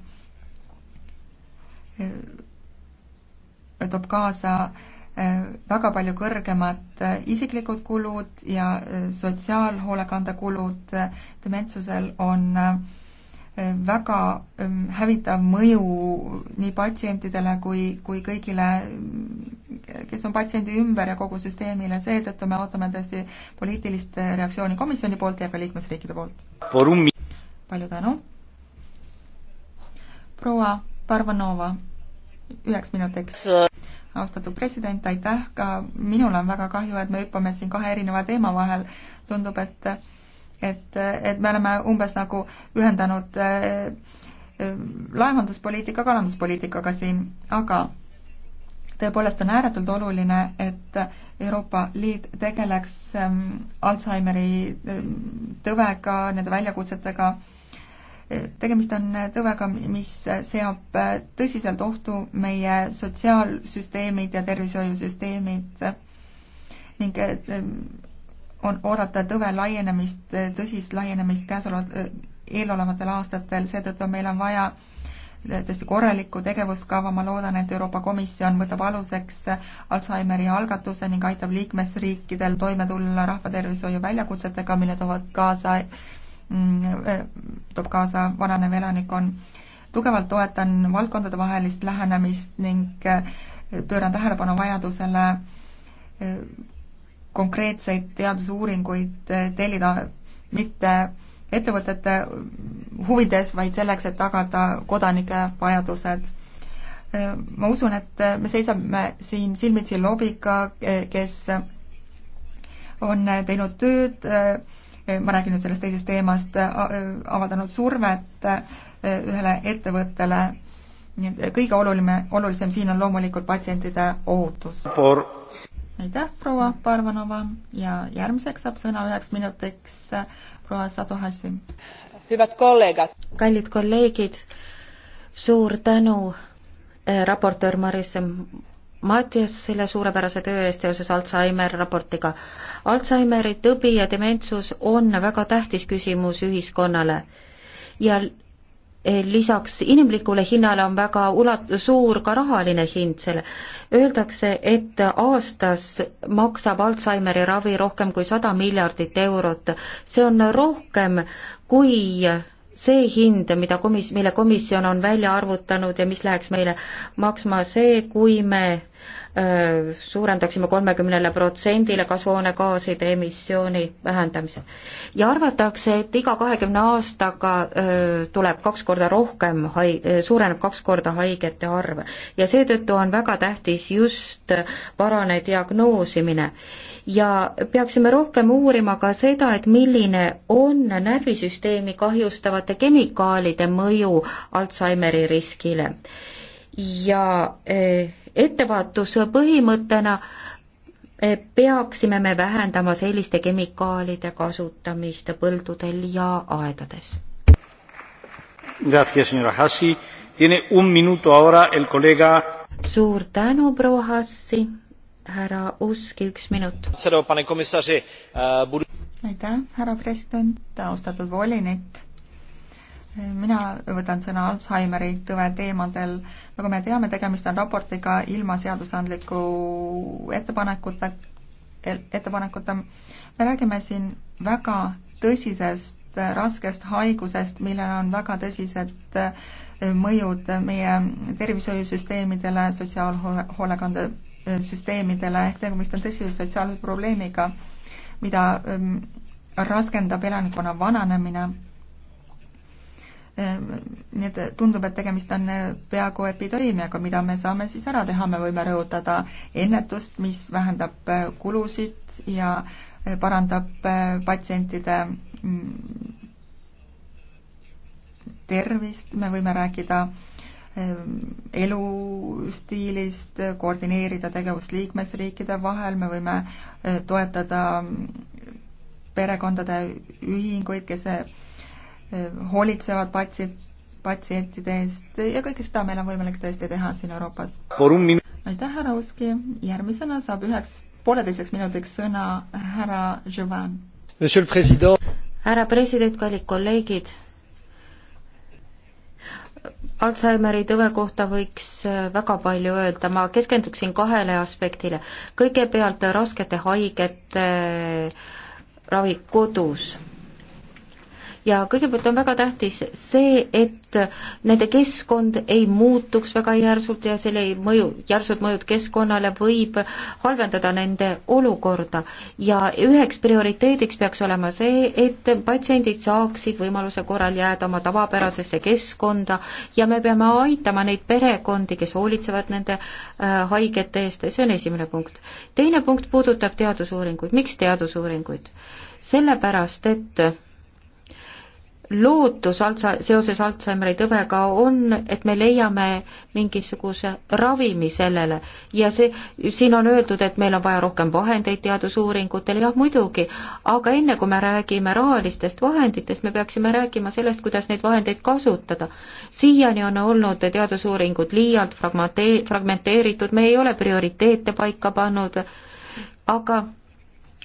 Speaker 2: äh, toob kaasa Äh, väga palju kõrgemad äh, isiklikud kulud ja äh, sotsiaalhoolekandekulud. dementsusel on väga ähm, hävitav mõju nii patsientidele kui, kui kõigile, mm, kes on patsiendi ümber ja kogu süsteemile, seetõttu me ootame tõesti poliitilist reaktsiooni komisjoni poolt ja ka liikmesriikide poolt. palju tänu. proua Parvanova, üheks minutiks austatud president, aitäh, ka minul on väga kahju, et me hüppame siin kahe erineva teema vahel, tundub, et et, et me oleme umbes nagu ühendanud eh, laevanduspoliitika kalanduspoliitikaga siin, aga tõepoolest on ääretult oluline, et Euroopa Liit tegeleks ehm, Alžeimeri ehm, tõvega, nende väljakutsetega tegemist on tõvega, mis seab tõsiselt ohtu meie sotsiaalsüsteemid ja tervishoiusüsteemid ning eh, on oodata tõve laienemist, tõsist laienemist käesolevat, eh, eelolevatel aastatel, seetõttu meil on vaja tõesti korralikku tegevuskava, ma loodan, et Euroopa Komisjon võtab aluseks Alžeimeri algatuse ning aitab liikmesriikidel toime tulla rahvatervishoiu väljakutsetega, mille toovad kaasa Mm, eh, toob kaasa vananev elanikkond. tugevalt toetan valdkondadevahelist lähenemist ning eh, pööran tähelepanu vajadusele eh, konkreetseid teadusuuringuid tellida mitte ettevõtete huvides, vaid selleks, et tagada kodanike vajadused. ma usun, et me seisame siin silmitsi lobiga, kes on teinud tööd Eh, ma räägin nüüd sellest teisest teemast, eh, eh, avaldanud survet ühele ettevõttele. nii et kõige oluline, olulisem siin on loomulikult patsientide ohutus. aitäh, proua Parvanova ja
Speaker 1: järgmiseks saab sõna üheks minutiks proua Sadu Hassi.
Speaker 2: hüvad kolleegad!
Speaker 1: kallid kolleegid, suur tänu raportöör Maris Mattias selle suurepärase töö eest seoses Alzheimer raportiga. Alzheimeri tõbi ja dementsus on väga tähtis küsimus ühiskonnale ja eh, lisaks inimlikule hinnale on väga ulat-, suur ka rahaline hind selle. Öeldakse, et aastas maksab Alžeimeri ravi rohkem kui sada miljardit eurot. see on rohkem kui see hind, mida komis-, mille komisjon on välja arvutanud ja mis läheks meile maksma see, kui me Äh, suurendaksime kolmekümnele protsendile kasvuhoonegaaside emissiooni vähendamise. ja arvatakse, et iga kahekümne aastaga äh, tuleb kaks korda rohkem hai-, äh, suureneb kaks korda haigete arv. ja seetõttu on väga tähtis just varane diagnoosimine. ja peaksime rohkem uurima ka seda, et milline on närvisüsteemi kahjustavate kemikaalide mõju Alžeimeri riskile ja eh, ettevaatuse põhimõttena eh, peaksime me vähendama selliste kemikaalide kasutamist põldudel ja aedades. suur tänu, proua Hassi, härra Uski, üks minut.
Speaker 3: Eh,
Speaker 1: aitäh, härra president, austatud volinik
Speaker 2: mina võtan sõna Alžeimeri tõve teemadel. nagu me teame, tegemist on raportiga ilma seadusandliku ettepanekute, ettepanekuta. me räägime siin väga tõsisest raskest haigusest, millel on väga tõsised eh, mõjud meie tervishoiusüsteemidele, sotsiaalhoolekandesüsteemidele, eh, ehk tegemist on tõsise sotsiaalprobleemiga, mida mm, raskendab elanikkonna vananemine Ehm, nii et tundub, et tegemist on eh, peaaegu epideemiaga, mida me saame siis ära teha, me võime rõhutada ennetust, mis vähendab eh, kulusid ja eh, parandab patsientide mm, tervist, me võime rääkida ehm, elustiilist, koordineerida tegevust liikmesriikide vahel, me võime toetada mm, perekondade ühinguid, kes hoolitsevad patsi-, patsientide eest ja kõike seda meil on võimalik tõesti teha siin Euroopas. aitäh, härra Uski, järgmisena saab üheks pooleteiseks minutiks sõna härra
Speaker 1: Jovan. härra president, kallid kolleegid, Alžeimeri tõve kohta võiks väga palju öelda, ma keskenduksin kahele aspektile. kõigepealt raskete haigete ravi kodus ja kõigepealt on väga tähtis see, et nende keskkond ei muutuks väga järsult ja selle mõju, järsud mõjud keskkonnale võib halvendada nende olukorda. ja üheks prioriteediks peaks olema see, et patsiendid saaksid võimaluse korral jääda oma tavapärasesse keskkonda ja me peame aitama neid perekondi, kes hoolitsevad nende äh, haigete eest, see on esimene punkt. teine punkt puudutab teadusuuringuid, miks teadusuuringuid? sellepärast, et lootus altsa-, seoses Alžeimeri tõvega on, et me leiame mingisuguse ravimi sellele ja see, siin on öeldud, et meil on vaja rohkem vahendeid teadusuuringutele, jah muidugi, aga enne, kui me räägime rahalistest vahenditest, me peaksime rääkima sellest, kuidas neid vahendeid kasutada. siiani on olnud teadusuuringud liialt fragmate-, fragmenteeritud, me ei ole prioriteete paika pannud, aga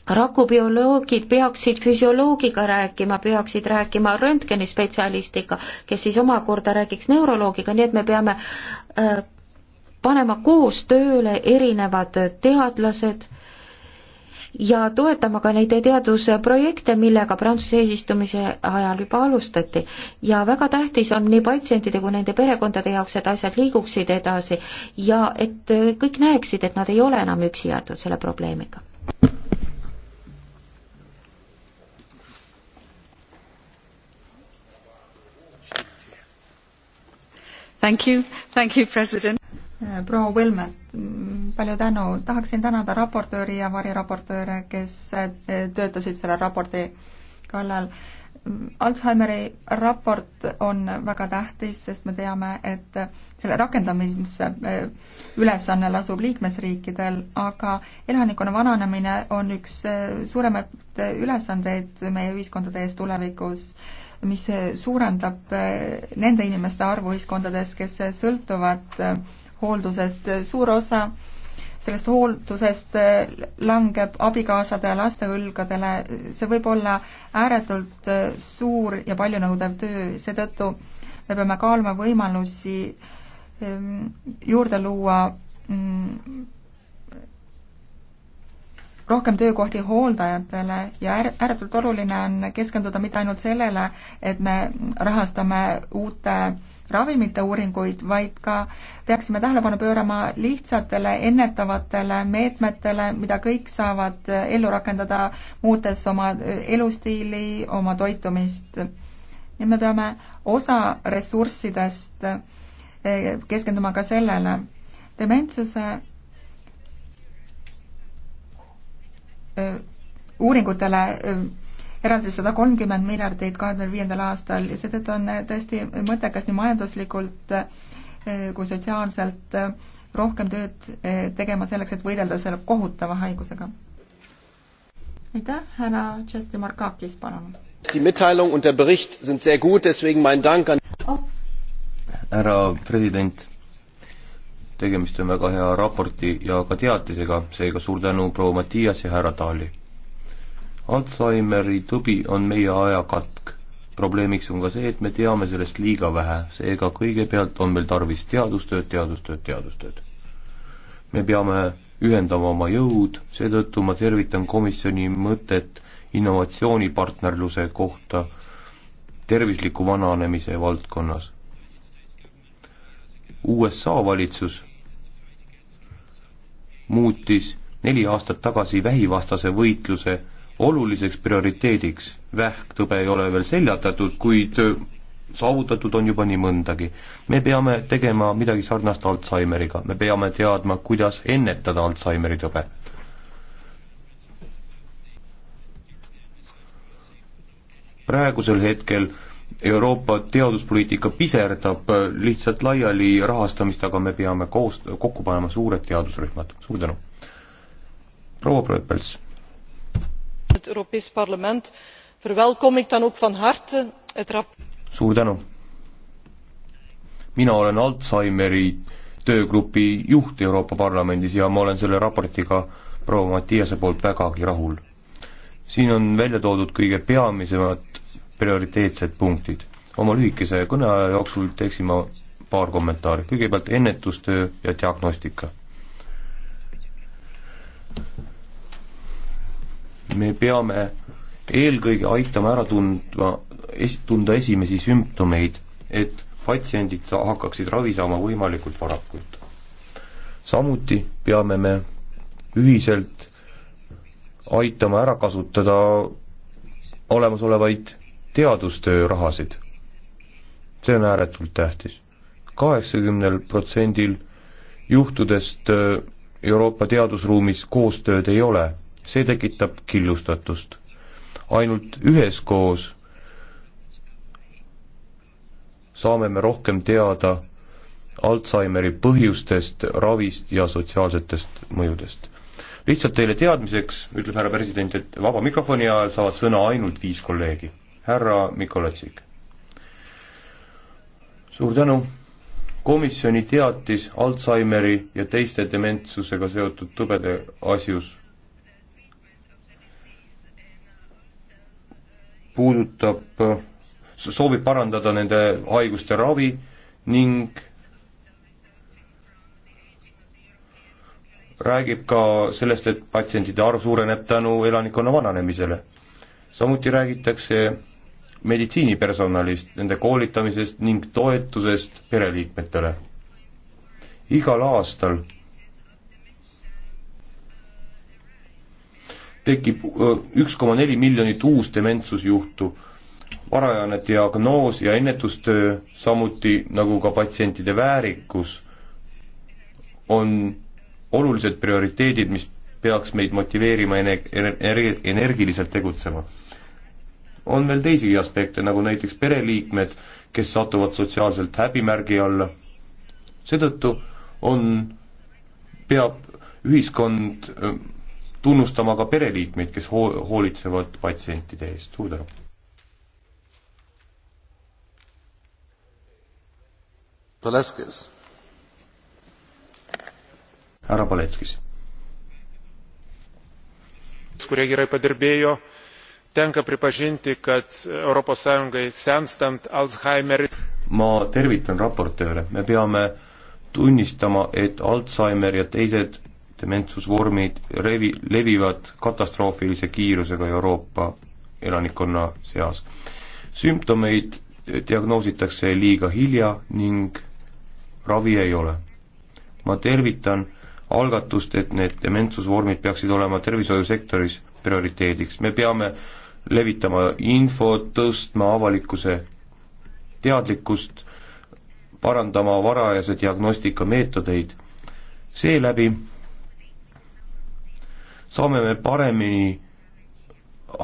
Speaker 1: rakubioloogid peaksid füsioloogiga rääkima, peaksid rääkima röntgenispetsialistiga, kes siis omakorda räägiks neuroloogiga, nii et me peame äh, panema koos tööle erinevad teadlased ja toetama ka neid teadusprojekte, millega Prantsuse eesistumise ajal juba alustati. ja väga tähtis on nii patsientide kui nende perekondade jaoks, et asjad liiguksid edasi ja et kõik näeksid, et nad ei ole enam üksi jäetud selle probleemiga
Speaker 2: Thank you, thank you, president. Äh, proua Võlmet, mm, palju tänu. tahaksin tänada raportööri ja variraportööre, kes äh, töötasid selle raporti kallal. Mm, Alzheimeri raport on väga tähtis, sest me teame, et selle rakendamise äh, ülesanne lasub liikmesriikidel, aga elanikkonna vananemine on üks suuremaid ülesandeid meie ühiskondade ees tulevikus mis suurendab eh, nende inimeste arvu ühiskondades, kes sõltuvad eh, hooldusest, suur osa sellest hooldusest eh, langeb abikaasade ja laste õlgadele, see võib olla ääretult suur ja paljunõudev töö, seetõttu me peame kaaluma võimalusi ehm, juurde luua mm, rohkem töökohti hooldajatele ja ääretult oluline on keskenduda mitte ainult sellele, et me rahastame uute ravimite uuringuid, vaid ka peaksime tähelepanu pöörama lihtsatele ennetavatele meetmetele, mida kõik saavad ellu rakendada, muutes oma elustiili, oma toitumist. ja me peame osa ressurssidest eh, keskenduma ka sellele. dementsuse Äh, uuringutele äh, eraldi sada kolmkümmend miljardit kahe tuhande viiendal aastal ja seetõttu on äh, tõesti mõttekas nii majanduslikult kui sotsiaalselt rohkem tööd tegema selleks, et võidelda selle kohutava haigusega. aitäh, härra Tšesti Markakis, palun.
Speaker 1: Die Mitteilung und der Bericht sind sehr gut, deswegen mein Dank an
Speaker 3: härra president tegemist on väga hea raporti ja ka teatisega, seega suur tänu proua Mattias ja härra Taali. Alžeimeri tõbi on meie aja katk. probleemiks on ka see, et me teame sellest liiga vähe, seega kõigepealt on meil tarvis teadustööd, teadustööd, teadustööd. me peame ühendama oma jõud, seetõttu ma tervitan komisjoni mõtet innovatsioonipartnerluse kohta tervisliku vananemise valdkonnas USA valitsus muutis neli aastat tagasi vähivastase võitluse oluliseks prioriteediks. vähktõbe ei ole veel seljatatud, kuid äh, saavutatud on juba nii mõndagi. me peame tegema midagi sarnast Alžeimeriga, me peame teadma, kuidas ennetada Alžeimeri tõbe. praegusel hetkel Euroopa teaduspoliitika piserdab lihtsalt laiali rahastamist, aga me peame koos, kokku panema suured teadusrühmad, suur tänu. proua Bröpels. het
Speaker 1: Europees Parlement verwelkom ik dan ook van harte het rap-.
Speaker 3: suur tänu. mina olen Alžeimeri töögrupi juht Euroopa Parlamendis ja ma olen selle raportiga proua Mattiase poolt vägagi rahul. siin on välja toodud kõige peamisemad prioriteetsed punktid. oma lühikese kõneaja jooksul teeksin ma paar kommentaari, kõigepealt ennetustöö ja diagnostika. me peame eelkõige aitama ära tundma, es-, tunda esimesi sümptomeid, et patsiendid sa-, hakkaksid ravi saama võimalikult varakult. samuti peame me ühiselt aitama ära kasutada olemasolevaid teadustöö rahasid. see on ääretult tähtis. kaheksakümnel protsendil juhtudest äh, Euroopa teadusruumis koostööd ei ole, see tekitab killustatust. ainult üheskoos saame me rohkem teada Alžeimeri põhjustest, ravist ja sotsiaalsetest mõjudest. lihtsalt teile teadmiseks, ütleb härra president, et vaba mikrofoni ajal saavad sõna ainult viis kolleegi härra Mikolatsik. suur tänu. komisjoni teatis Alžeimeri ja teiste dementsusega seotud tõbede asjus puudutab, soovib parandada nende haiguste ravi ning räägib ka sellest, et patsientide arv suureneb tänu elanikkonna vananemisele. samuti räägitakse meditsiinipersonalist, nende koolitamisest ning toetusest pereliikmetele. igal aastal tekib üks koma neli miljonit uus dementsusjuhtu, varajane diagnoos ja ennetustöö, samuti nagu ka patsientide väärikus, on olulised prioriteedid, mis peaks meid motiveerima ener-, ener-, energiliselt tegutsema on veel teisigi aspekte, nagu näiteks pereliikmed, kes satuvad sotsiaalselt häbimärgi alla. seetõttu on, peab ühiskond tunnustama ka pereliikmeid, kes hoo-, hoolitsevad patsientide eest, suur tänu. Paleskis. härra Paletskis. kurie gerai padirbėjo
Speaker 2: tenka pripažinti kad europos sąjungai senstant alzheimeri
Speaker 3: ma tervitan raportööre me peame tunnistama et alzheimer ja teised dementsusvormid revi- levivad katastroofilise kiirusega euroopa elanikkonna seas sümptomeid diagnoositakse liiga hilja ning ravi ei ole ma tervitan algatust et need dementsusvormid peaksid olema tervishoiusektoris prioriteediks me peame äh, levitama infot, tõstma avalikkuse teadlikkust, parandama varajase diagnostika meetodeid. seeläbi saame me paremini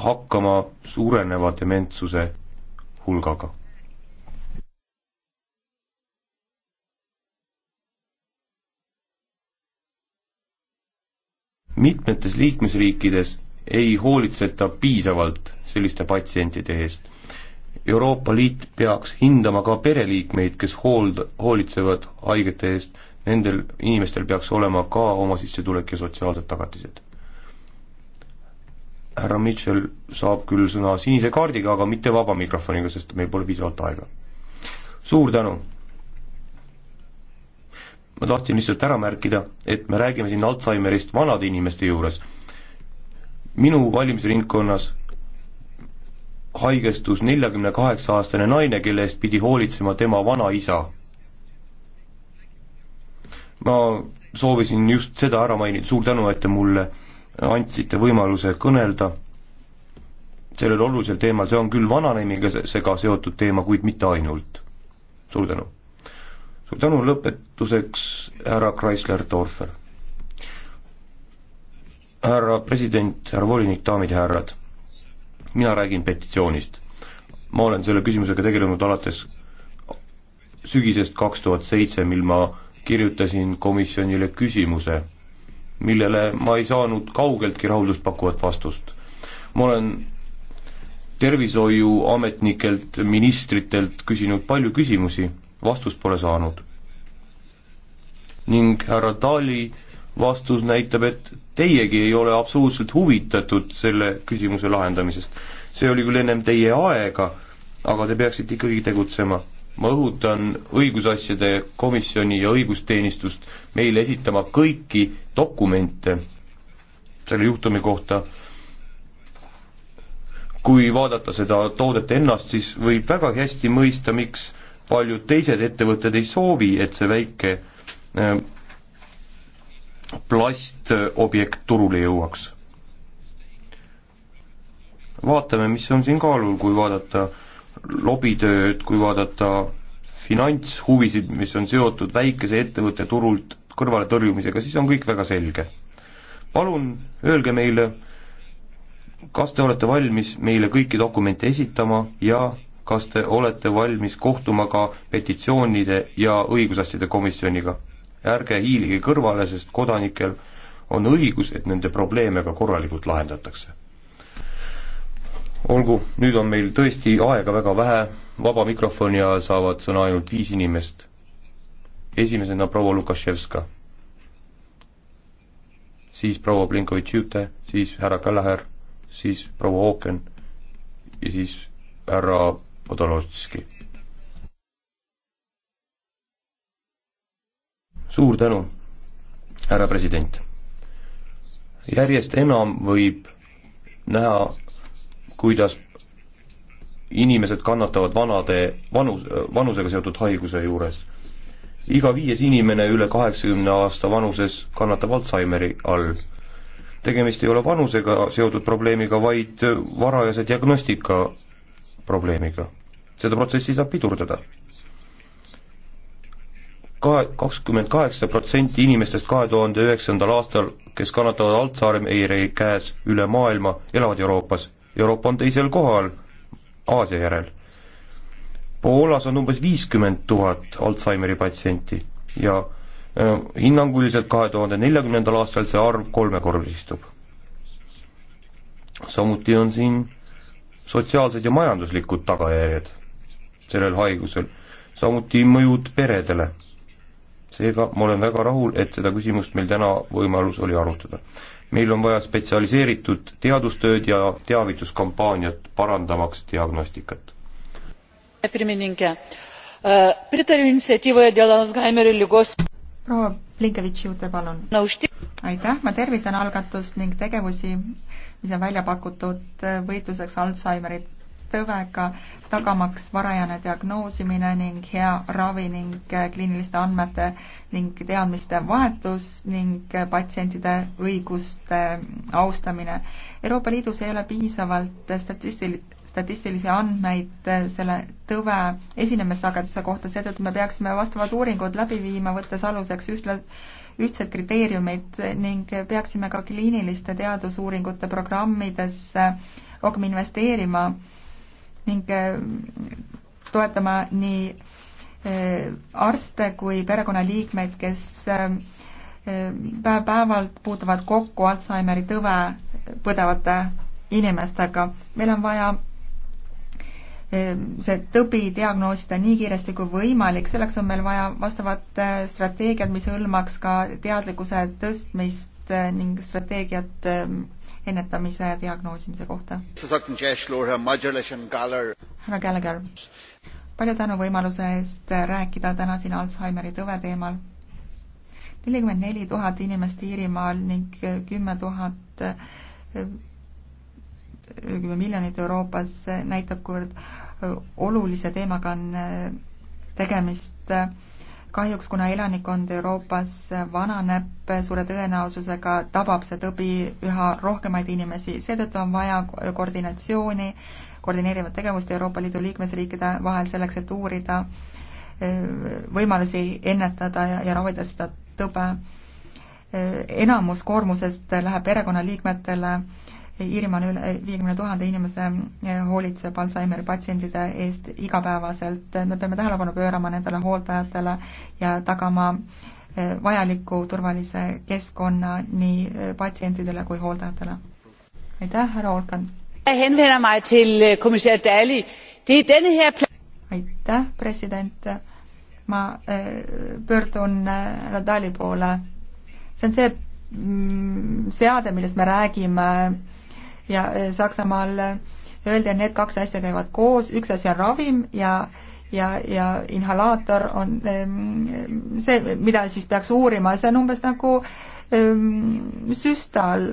Speaker 3: hakkama suureneva dementsuse hulgaga. mitmetes liikmesriikides ei hoolitseta piisavalt selliste patsientide eest. Euroopa Liit peaks hindama ka pereliikmeid, kes hoold-, hoolitsevad haigete eest, nendel inimestel peaks olema ka oma sissetulek ja sotsiaalsed tagatised. härra Mitchell saab küll sõna sinise kaardiga, aga mitte vaba mikrofoniga, sest meil pole piisavalt aega. suur tänu! ma tahtsin lihtsalt ära märkida, et me räägime siin Alzheimerist vanade inimeste juures minu valimisringkonnas haigestus neljakümne kaheksa aastane naine, kelle eest pidi hoolitsema tema vanaisa. ma soovisin just seda ära mainida, suur tänu, et te mulle andsite võimaluse kõnelda sellel olulisel teemal, see on küll vananemisega seotud teema, kuid mitte ainult. suur tänu. suur tänu, lõpetuseks härra Chrysler Dorfer härra president, härra volinik, daamid ja härrad. mina räägin petitsioonist. ma olen selle küsimusega tegelenud alates sügisest kaks tuhat seitse, mil ma kirjutasin komisjonile küsimuse, millele ma ei saanud kaugeltki rahuldust pakkuvat vastust. ma olen tervishoiuametnikelt, ministritelt küsinud palju küsimusi, vastust pole saanud. ning härra Dali vastus näitab, et teiegi ei ole absoluutselt huvitatud selle küsimuse lahendamisest. see oli küll ennem teie aega, aga te peaksite ikkagi tegutsema. ma õhutan õigusasjade komisjoni ja õigusteenistust meile esitama kõiki dokumente selle juhtumi kohta. kui vaadata seda toodet ennast, siis võib vägagi hästi mõista, miks paljud teised ettevõtted ei soovi, et see väike äh, plastobjekt äh, turule jõuaks. vaatame, mis on siin kaalul, kui vaadata lobitööd, kui vaadata finantshuvisid, mis on seotud väikese ettevõtte turult kõrvaletõrjumisega, siis on kõik väga selge. palun öelge meile, kas te olete valmis meile kõiki dokumente esitama ja kas te olete valmis kohtuma ka petitsioonide ja õigusasjade komisjoniga? ärge hiilige kõrvale, sest kodanikel on õigus, et nende probleeme ka korralikult lahendatakse. olgu, nüüd on meil tõesti aega väga vähe, vaba mikrofoni ajal saavad sõna ainult viis inimest. esimesena proua Lukaševska, siis proua Blinkovitš-Jüte, siis härra Kallahär, siis proua Ooken ja siis härra Podolovski suur tänu, härra president. järjest enam võib näha, kuidas inimesed kannatavad vanade, vanus, vanusega seotud haiguse juures. iga viies inimene üle kaheksakümne aasta vanuses kannatab Alžeimeri all. tegemist ei ole vanusega seotud probleemiga, vaid varajase diagnostika probleemiga. seda protsessi saab pidurdada kahe, kakskümmend kaheksa protsenti inimestest kahe tuhande üheksandal aastal, kes kannatavad Alzheimeri käes üle maailma, elavad Euroopas. Euroopa on teisel kohal Aasia järel. Poolas on umbes viiskümmend tuhat Alzheimeri patsienti ja äh, hinnanguliselt kahe tuhande neljakümnendal aastal see arv kolmekordistub. samuti on siin sotsiaalsed ja majanduslikud tagajärjed sellel haigusel, samuti mõjud peredele seega ma olen väga rahul, et seda küsimust meil täna võimalus oli arutada. meil on vaja spetsialiseeritud teadustööd ja teavituskampaaniat, parandamaks diagnostikat.
Speaker 2: proua Blinkevitš, juurde palun. aitäh, ma tervitan algatust ning tegevusi, mis on välja pakutud võitluseks Alžeimeri tõvega, tagamaks varajane diagnoosimine ning hea ravi ning äh, kliiniliste andmete ning teadmiste vahetus ning äh, patsientide õiguste äh, austamine. Euroopa Liidus ei ole piisavalt statistil-, statistilisi andmeid selle tõve esinemissageduse kohta, seetõttu me peaksime vastavad uuringud läbi viima, võttes aluseks ühtla-, ühtsed kriteeriumid ning peaksime ka kliiniliste teadusuuringute programmidesse rohkem investeerima ning äh, toetama nii äh, arste kui perekonnaliikmeid, kes äh, päev-päevalt puutuvad kokku Alžeimeri tõve põdevate inimestega. meil on vaja see tõbi diagnoosida nii kiiresti kui võimalik, selleks on meil vaja vastavat strateegiat, mis hõlmaks ka teadlikkuse tõstmist ning strateegiat ennetamise ja diagnoosimise kohta. härra Gallagher, palju tänu võimaluse eest rääkida täna siin Alžeimeri tõve teemal. nelikümmend neli tuhat inimest Iirimaal ning kümme tuhat kümme miljonit Euroopas näitab, kuivõrd olulise teemaga on tegemist kahjuks, kuna elanikkond Euroopas vananeb, suure tõenäosusega tabab see tõbi üha rohkemaid inimesi, seetõttu on vaja koordinatsiooni, koordineerivat tegevust Euroopa Liidu liikmesriikide vahel selleks, et uurida eh, võimalusi ennetada ja, ja ravida seda tõbe. Eh, enamus koormusest läheb perekonnaliikmetele Iirimaal üle viiekümne tuhande inimese eh, hoolitseb Alžeimeri patsientide eest igapäevaselt. me peame tähelepanu pöörama nendele hooldajatele ja tagama eh, vajaliku turvalise keskkonna nii eh, patsientidele kui hooldajatele. aitäh, härra Olkan! Er aitäh, president! ma pöördun härra Dali poole. see on see mm, seade, millest me räägime ja eh, Saksamaal eh, öeldi, et need kaks asja käivad koos, üks asi on ravim ja ja, ja inhalaator on ehm, see, mida siis peaks uurima, see on umbes nagu ehm, süstal,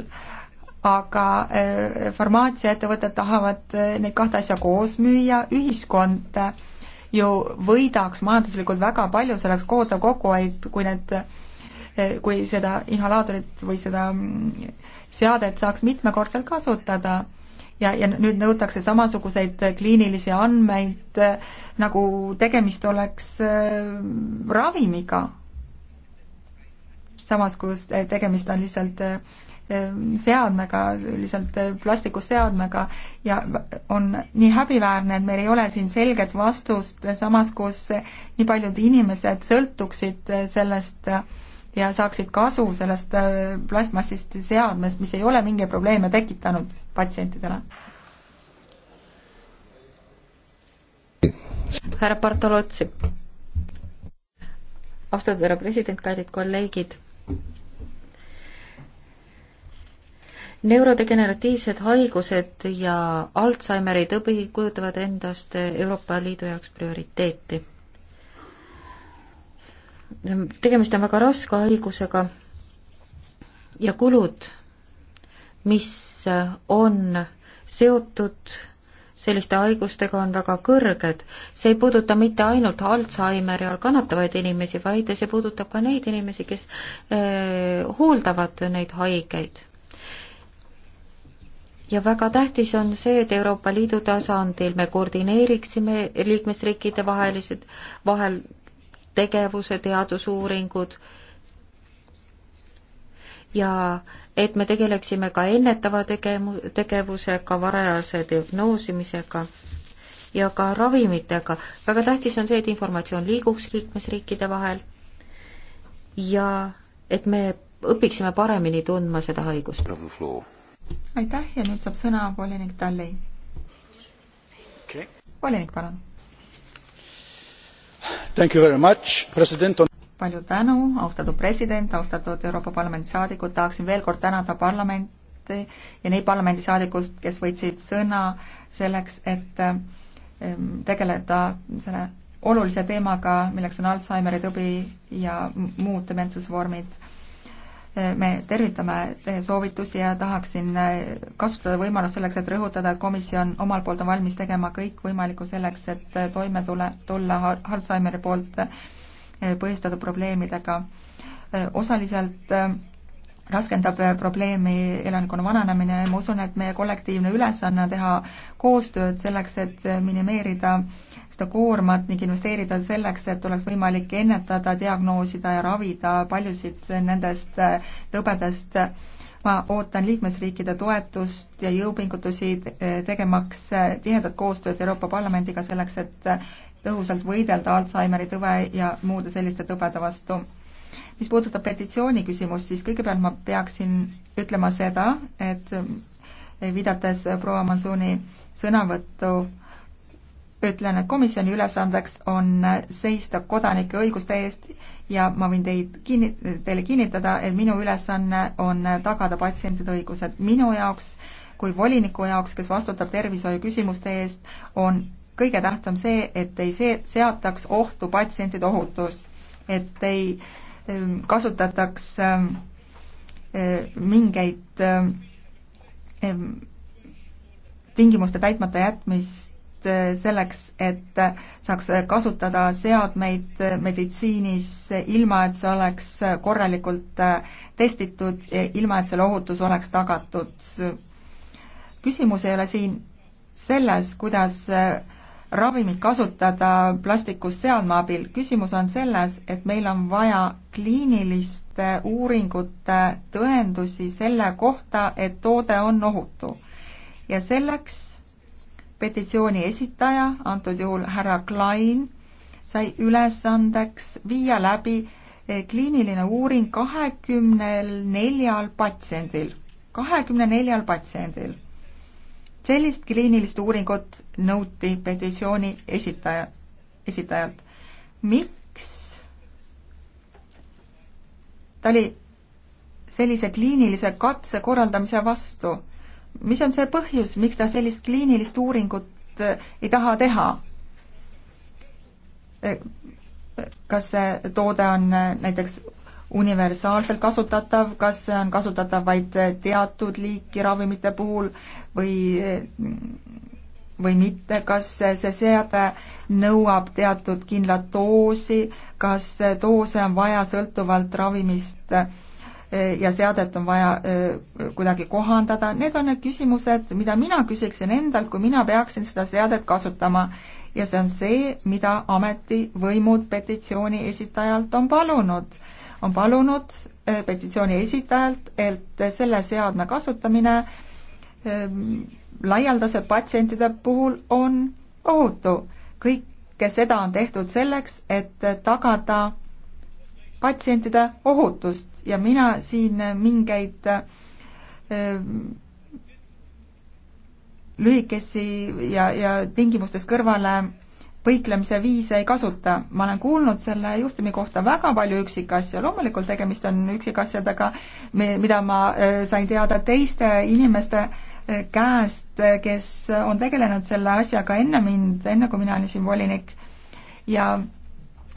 Speaker 2: aga eh, farmaatsiaettevõtted tahavad neid kahte asja koos müüa, ühiskond ju võidaks majanduslikult väga palju, see oleks kohutav kokkuhoid, kui need, kui seda inhalaatorit või seda mm, seadet saaks mitmekordselt kasutada ja, ja nüüd nõutakse samasuguseid kliinilisi andmeid, nagu tegemist oleks äh, ravimiga. samas, kus äh, tegemist on lihtsalt äh, seadmega, lihtsalt plastikust seadmega ja on nii häbiväärne, et meil ei ole siin selget vastust, samas kus nii paljud inimesed sõltuksid sellest äh, ja saaksid kasu sellest äh, plastmassist seadmest, mis ei ole mingeid probleeme tekitanud patsientidele.
Speaker 1: härra Bartolotsi. austatud härra president, kallid kolleegid. neurodegeneratiivsed haigused ja Alžeimeri tõbi kujutavad endast Euroopa Liidu jaoks prioriteeti tegemist on väga raske haigusega ja kulud, mis on seotud selliste haigustega, on väga kõrged. see ei puuduta mitte ainult Alžeimeri all kannatavaid inimesi, vaid see puudutab ka neid inimesi, kes eh, hooldavad neid haigeid. ja väga tähtis on see, et Euroopa Liidu tasandil me koordineeriksime liikmesriikide vahelised, vahel tegevuse teadusuuringud ja et me tegeleksime ka ennetava tegemu-, tegevusega, varajase diagnoosimisega ja ka ravimitega. väga tähtis on see, et informatsioon liiguks liikmesriikide vahel ja et me õpiksime paremini tundma seda haigust.
Speaker 2: aitäh ja nüüd saab sõna volinik Talli okay.. volinik, palun palju tänu, austatud president, austatud Euroopa Parlamendi saadikud, tahaksin veel kord tänada parlamenti ja neid parlamendisaadikust, kes võtsid sõna selleks, et tegeleda selle olulise teemaga, milleks on Alžeimeri tõbi ja muud dementsusvormid me tervitame teie soovitusi ja tahaksin äh, kasutada võimalust selleks, et rõhutada, et komisjon omalt poolt on valmis tegema kõik võimalikku selleks, et äh, toime tule, tulla Alžeimeri poolt äh, põhjustatud probleemidega. osaliselt raskendab probleemi elanikkonna vananemine ja ma usun, et meie kollektiivne ülesanne on teha koostööd selleks, et minimeerida äh, seda koormat ning investeerida selleks, et oleks võimalik ennetada, diagnoosida ja ravida paljusid nendest tõbedest. Äh, ma ootan liikmesriikide toetust ja jõupingutusi äh, tegemaks äh, tihedat koostööd Euroopa Parlamendiga selleks, et tõhusalt võidelda Alžeimeri tõve ja muude selliste tõbede vastu mis puudutab petitsiooni küsimust, siis kõigepealt ma peaksin ütlema seda, et viidates proua Mansooni sõnavõttu ütlen, et komisjoni ülesandeks on seista kodanike õiguste eest ja ma võin teid kinni, teile kinnitada, et minu ülesanne on tagada patsientide õigused. minu jaoks kui voliniku jaoks, kes vastutab tervishoiu küsimuste eest, on kõige tähtsam see, et ei see, seataks ohtu patsientide ohutus, et ei ähm, kasutataks ähm, äh, mingeid ähm, tingimuste täitmata jätmist Äh, selleks, et äh, saaks äh, kasutada seadmeid meditsiinis ilma, et see oleks korralikult testitud, ilma et selle ohutus oleks tagatud. küsimus ei ole siin selles, kuidas ravimit kasutada plastikust seadme abil, küsimus on selles, et meil on vaja kliiniliste uuringute tõendusi selle kohta, et toode on ohutu. ja selleks petitsiooni esitaja, antud juhul härra Klein, sai ülesandeks viia läbi eh, kliiniline uuring kahekümnel neljal patsiendil, kahekümne neljal patsiendil. sellist kliinilist uuringut nõuti petitsiooni esitaja, esitajalt. miks ta oli sellise kliinilise katse korraldamise vastu? mis on see põhjus, miks ta sellist kliinilist uuringut äh, ei taha teha? Äh, kas see toode on äh, näiteks universaalselt kasutatav, kas see on kasutatav vaid teatud liiki ravimite puhul või, või mitte, kas see seade nõuab teatud kindlat doosi, kas doose on vaja sõltuvalt ravimist äh, Eh, ja seadet on vaja eh, kuidagi kohandada, need on need küsimused, mida mina küsiksin endalt, kui mina peaksin seda seadet kasutama. ja see on see, mida ametivõimud petitsiooni esitajalt on palunud. on palunud eh, petitsiooni esitajalt, et selle seadme kasutamine laialdase patsientide puhul on ohutu. kõike seda on tehtud selleks, et tagada patsientide ohutust ja mina siin mingeid ähm, lühikesi ja, ja tingimustest kõrvale põiklemise viise ei kasuta. ma olen kuulnud selle juhtumi kohta väga palju üksikasju, loomulikult tegemist on üksikasjadega, mida ma äh, sain teada teiste inimeste äh, käest, äh, kes on tegelenud selle asjaga enne mind, enne kui mina olin siin volinik ja,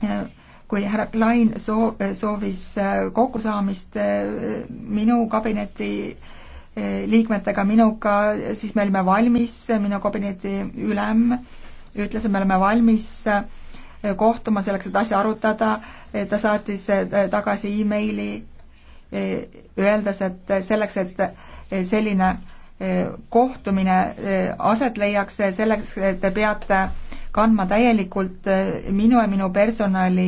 Speaker 2: ja kui härra Klein soov, soovis äh, kokkusaamist äh, minu kabineti äh, liikmetega, minuga, siis me olime valmis, minu kabineti ülem ütles, et me oleme valmis kohtuma selleks, et asja arutada, ta saatis tagasi emaili, öeldes, et selleks, et selline kohtumine aset leiaks, selleks te peate kandma täielikult minu ja minu personali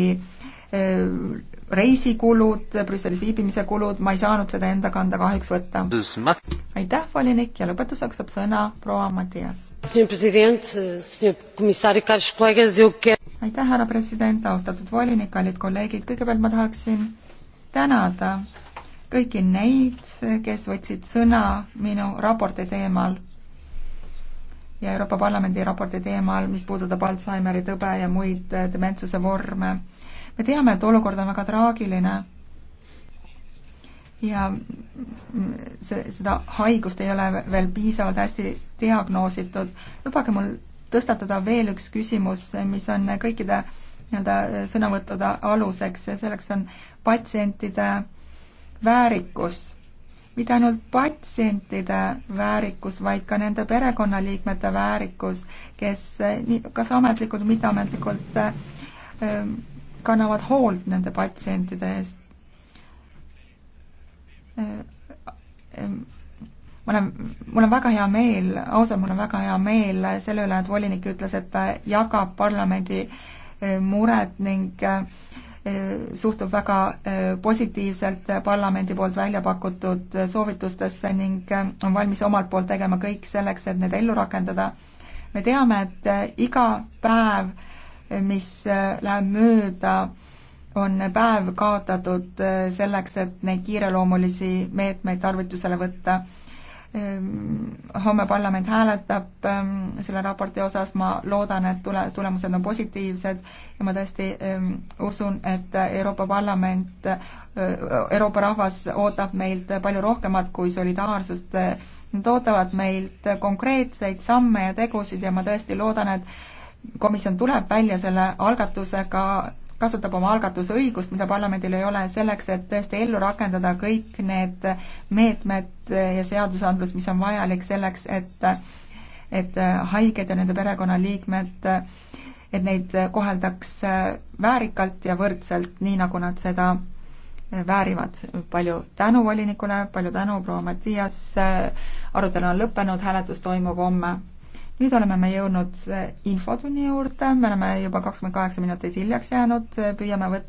Speaker 2: Äh, reisikulud, Brüsselis viibimise kulud, ma ei saanud seda enda kanda kahjuks võtta. aitäh, volinik, ja lõpetuseks saab sõna proua Matias.
Speaker 1: aitäh, härra president,
Speaker 2: austatud volinik, kallid kolleegid, kõigepealt ma tahaksin tänada kõiki neid, kes võtsid sõna minu raporti teemal ja Euroopa Parlamendi raporti teemal, mis puudutab Alžeimeri tõbe ja muid dementsuse vorme me teame, et olukord on väga traagiline ja see, seda haigust ei ole veel piisavalt hästi diagnoositud. lubage mul tõstatada veel üks küsimus, mis on kõikide nii-öelda sõnavõttude aluseks ja selleks on patsientide väärikus. mitte ainult patsientide väärikus, vaid ka nende perekonnaliikmete väärikus, kes kas ametlikult või mitteametlikult ähm, kannavad hoolt nende patsientide eest. ma olen, mul on väga hea meel, ausalt, mul on väga hea meel selle üle, et volinik ütles, et ta jagab parlamendi eh, muret ning eh, suhtub väga eh, positiivselt parlamendi poolt välja pakutud soovitustesse ning on valmis omalt poolt tegema kõik selleks, et need ellu rakendada. me teame, et iga päev mis äh, läheb mööda, on päev kaotatud äh, selleks, et neid kiireloomulisi meetmeid tarvitusele võtta. Ähm, homme parlament hääletab ähm, selle raporti osas, ma loodan, et tule, tulemused on positiivsed ja ma tõesti ähm, usun, et Euroopa Parlament, äh, Euroopa rahvas ootab meilt palju rohkemat kui solidaarsust Nad ootavad meilt konkreetseid samme ja tegusid ja ma tõesti loodan, et komisjon tuleb välja selle algatusega, kasutab oma algatusõigust, mida parlamendil ei ole, selleks, et tõesti ellu rakendada kõik need meetmed ja seadusandlus, mis on vajalik selleks, et et haiged ja nende perekonnaliikmed, et neid koheldaks väärikalt ja võrdselt, nii nagu nad seda väärivad. palju tänu volinikule, palju tänu, proua Mattias, arutelu on lõppenud, hääletus toimub homme nüüd oleme me jõudnud infotunni juurde, me oleme juba kakskümmend kaheksa minutit hiljaks jäänud, püüame võtta